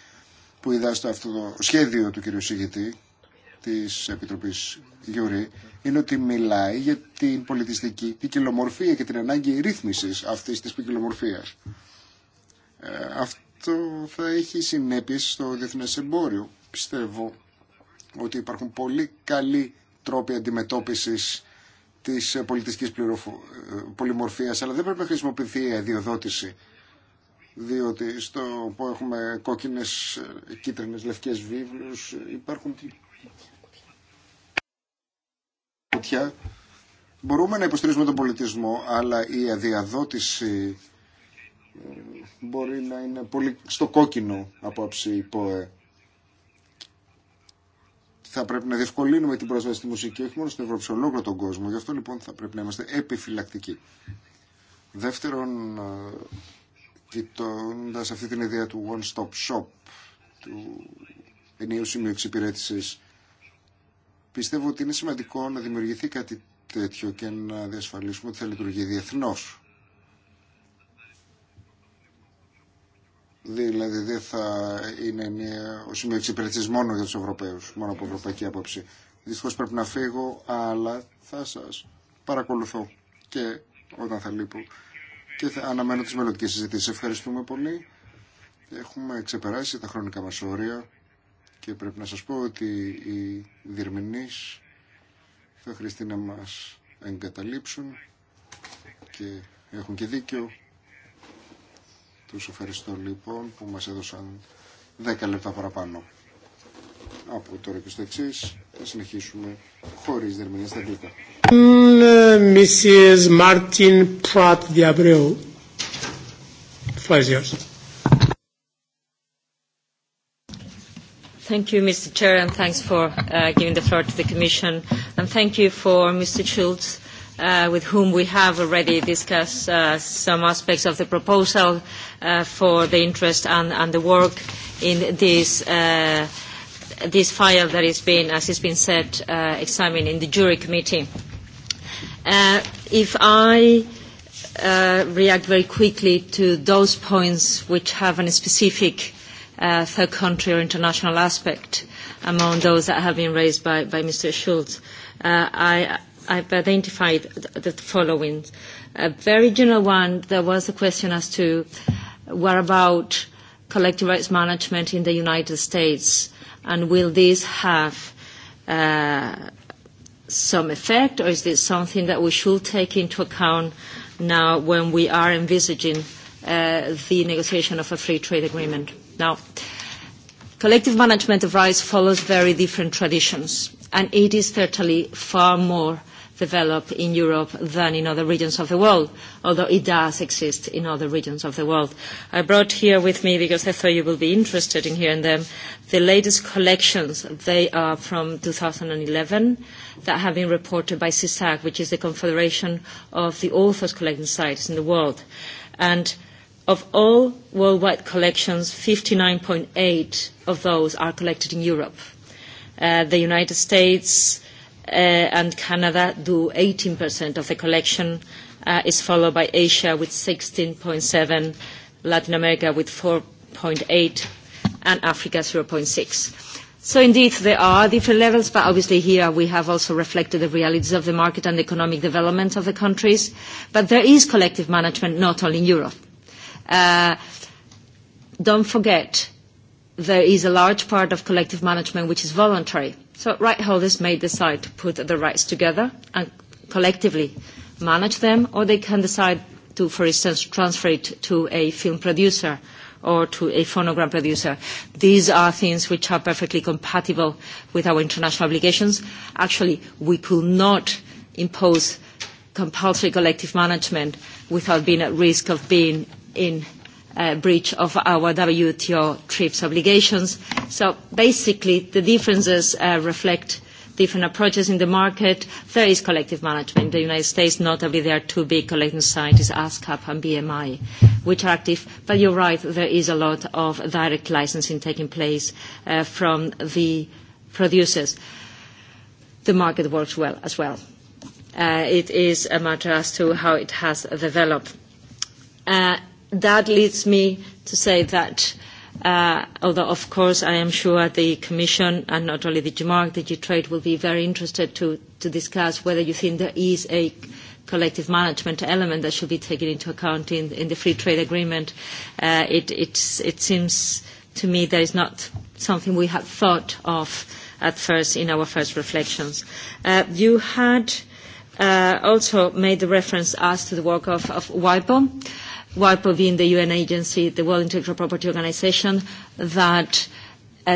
που είδα στο αυτό το σχέδιο του κ. Σιγητή τη Επιτροπή Γιούρη, είναι ότι μιλάει για την πολιτιστική ποικιλομορφία και την ανάγκη ρύθμιση αυτή τη ποικιλομορφία. Ε, αυτό θα έχει συνέπειε στο διεθνέ εμπόριο πιστεύω ότι υπάρχουν πολύ καλοί τρόποι αντιμετώπισης της ε, πολιτιστικής πληροφο... Ε, πολυμορφίας, αλλά δεν πρέπει να χρησιμοποιηθεί η αδειοδότηση, διότι στο που έχουμε κόκκινες, ε, κίτρινες, λευκές βίβλους, υπάρχουν Μπορούμε να υποστηρίζουμε τον πολιτισμό, αλλά η αδιαδότηση μπορεί να είναι πολύ στο κόκκινο από αψή ΠΟΕ θα πρέπει να διευκολύνουμε την πρόσβαση στη μουσική όχι μόνο στην Ευρώπη, σε ολόκληρο τον κόσμο. Γι' αυτό λοιπόν θα πρέπει να είμαστε επιφυλακτικοί. Δεύτερον, ε, κοιτώντα αυτή την ιδέα του One Stop Shop, του ενίου σημείου εξυπηρέτηση, πιστεύω ότι είναι σημαντικό να δημιουργηθεί κάτι τέτοιο και να διασφαλίσουμε ότι θα λειτουργεί διεθνώ. Δηλαδή δεν θα είναι μια σημείο εξυπηρετής μόνο για του Ευρωπαίου μόνο από ευρωπαϊκή άποψη. Δυστυχώς πρέπει να φύγω, αλλά θα σας παρακολουθώ και όταν θα λείπω. Και θα αναμένω τις μελλοντικές συζητήσει. Ευχαριστούμε πολύ. Έχουμε ξεπεράσει τα χρονικά μα όρια και πρέπει να σας πω ότι οι διερμηνεί θα χρειαστεί να μας εγκαταλείψουν και έχουν και δίκιο. Τους ευχαριστώ λοιπόν που μας έδωσαν 10 λεπτά παραπάνω. Από τώρα και στο εξή θα συνεχίσουμε χωρίς δερμηνία στα αγγλικά. Mrs. Martin Abreu, Diabreu. Thank you, Mr. Chair, and thanks for uh, giving the floor to the Commission. And thank you for Mr. Schultz with whom we have already discussed some aspects of the proposal for the interest and the work in this file that has been, as has been said, examined in the jury committee. If I react very quickly to those points which have a specific third country or international aspect among those that have been raised by Mr. Schulz, I I've identified the following. A very general one, there was a question as to what about collective rights management in the United States and will this have some effect or is this something that we should take into account now when we are envisaging the negotiation of a free trade agreement. Now, collective management of rights follows very different traditions and it is certainly far more develop in Europe than in other regions of the world, although it does exist in other regions of the world. I brought here with me, because I thought you will be interested in hearing them, the latest collections. They are from 2011 that have been reported by CISAC, which is the Confederation of the Authors Collecting Sites in the world. And of all worldwide collections, 59.8 of those are collected in Europe. The United States and Canada do 18% of the collection, is followed by Asia with 16.7%, Latin America with 4.8%, and Africa 0.6%. So indeed, there are different levels, but obviously here we have also reflected the realities of the market and economic development of the countries. But there is collective management not only in Europe. Don't forget, there is a large part of collective management which is voluntary So right holders may decide to put the rights together and collectively manage them, or they can decide to, for instance, transfer it to a film producer or to a phonogram producer. These are things which are perfectly compatible with our international obligations. Actually, we could not impose compulsory collective management without being at risk of being in breach of our WTO TRIPS obligations. So basically, the differences reflect different approaches in the market. There is collective management. In the United States, notably, there are two big collecting societies, ASCAP and BMI, which are active. But you're right, there is a lot of direct licensing taking place from the producers. The market works well as well. It is a matter as to how it has developed that leads me to say that although of course I am sure the Commission and not only the GMARC, the G-Trade will be very interested to, to discuss whether you think there is a collective management element that should be taken into account in, the free trade agreement. it, seems to me that is not something we had thought of at first in our first reflections. you had also made the reference as to the work of, of WIPO. WIPO being the UN agency, the World Intellectual Property Organization, that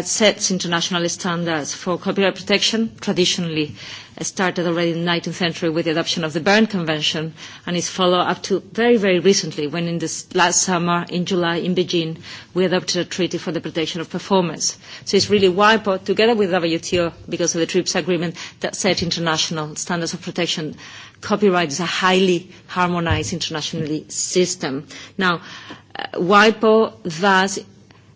sets international standards for copyright protection, traditionally started already in the 19th century with the adoption of the Berne Convention and is followed up to very, very recently when in this last summer in July in Beijing we adopted a treaty for the protection of performance. So it's really WIPO together with WTO because of the TRIPS agreement that set international standards of protection. Copyright is a highly harmonized international system. Now, WIPO thus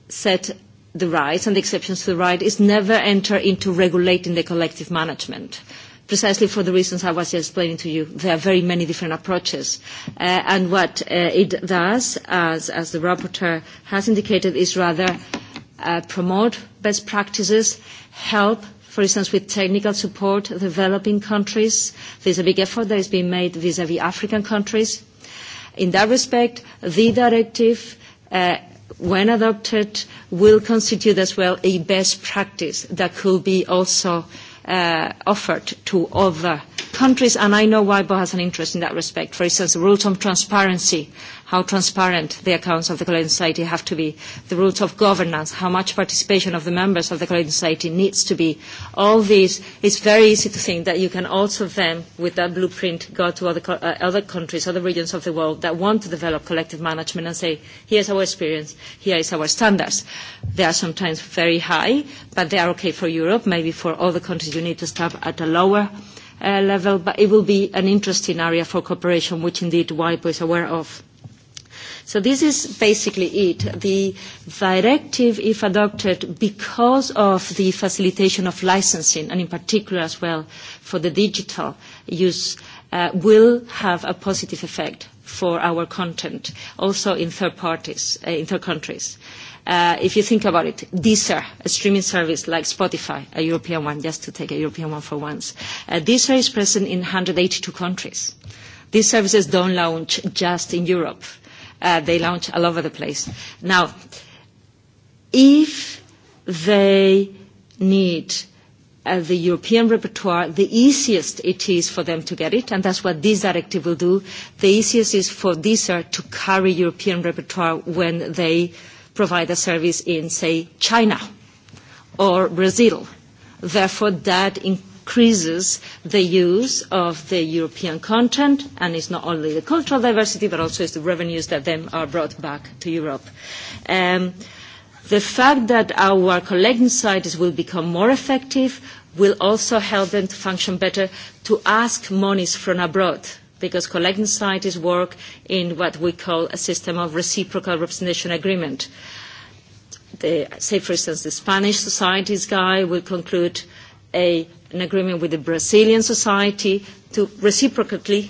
set the rights and the exceptions to the right is never enter into regulating the collective management precisely for the reasons I was explaining to you. There are very many different approaches. And what it does, as the rapporteur has indicated, is rather promote best practices, help, for instance, with technical support, developing countries. There's a big effort that is being made vis-à-vis African countries. In that respect, the directive when adopted, will constitute as well a best practice that could be also offered to other countries, and I know WIPO has an interest in that respect, for instance, the rules of transparency, how transparent the accounts of the collective Society have to be, the rules of governance, how much participation of the members of the collective Society needs to be. All these, it's very easy to think that you can also then, with that blueprint, go to other countries, other regions of the world that want to develop collective management and say, here's our experience, here is our standards. They are sometimes very high, but they are okay for Europe. Maybe for other countries you need to start at a lower level, but it will be an interesting area for cooperation, which indeed WIPO is aware of. So this is basically it. The directive, if adopted, because of the facilitation of licensing, and in particular as well for the digital use will have a positive effect for our content, also in third parties, in third countries. If you think about it, Deezer, a streaming service like Spotify, a European one, just to take a European one for once, Deezer is present in 182 countries. These services don't launch just in Europe. They launch all over the place. Now, if they need the European repertoire, the easiest it is for them to get it, and that's what this directive will do. The easiest is for these to carry European repertoire when they provide a service in, say, China or Brazil. Therefore, that increases the use of the European content, and it's not only the cultural diversity, but also it's the revenues that then are brought back to Europe. The fact that our collecting societies will become more effective will also help them to function better to ask monies from abroad because collecting societies work in what we call a system of reciprocal representation agreement. Say, for instance, the Spanish society's guy will conclude an agreement with the Brazilian society to reciprocally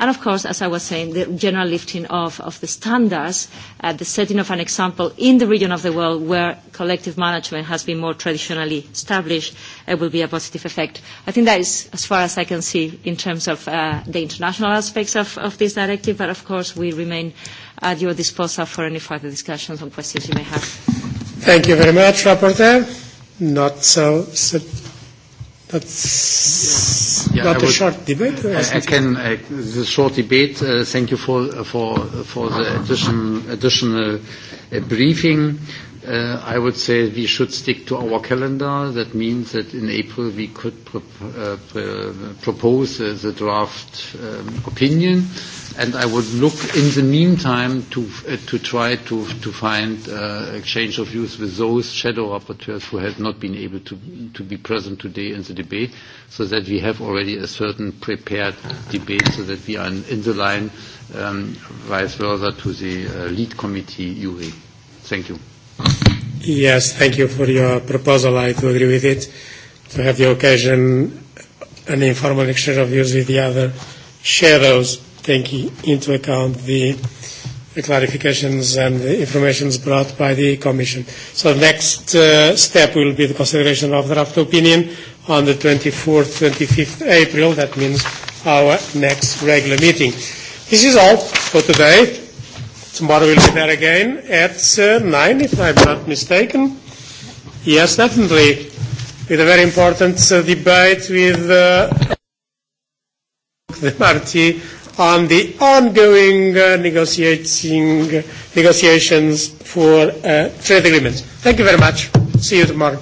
And of course, as I was saying, the general lifting of the standards, the setting of an example in the region of the world where collective management has been more traditionally established will be a positive effect. I think that is as far as I can see in terms of the international aspects of this directive, but of course we remain at your disposal for any further discussions or questions you may have. Thank you very much, Rapporteur. Not so not a short debate. I can the short debate. Thank you for for for the additional briefing. I would say we should stick to our calendar. That means that in April we could propose the draft opinion, and I would look in the meantime to try to find exchange of views with those shadow rapporteurs who have not been able to be present today in the debate, so that we have already a certain prepared debate, so that we are in the line, vice versa to the lead committee, Juri. Thank you. Yes, thank you for your proposal. I do agree with it. To have the occasion, an informal exchange of views with the other shadows, taking into account the clarifications and the information brought by the Commission. So the next step will be the consideration of the draft opinion on the 24th, 25th April. That means our next regular meeting. This is all for today. Tomorrow we'll be there again at uh, if I'm not mistaken. Yes, definitely. With a very important uh, debate with uh, the party on the ongoing uh, negotiating negotiations for a trade agreements. Thank you very much. See you tomorrow.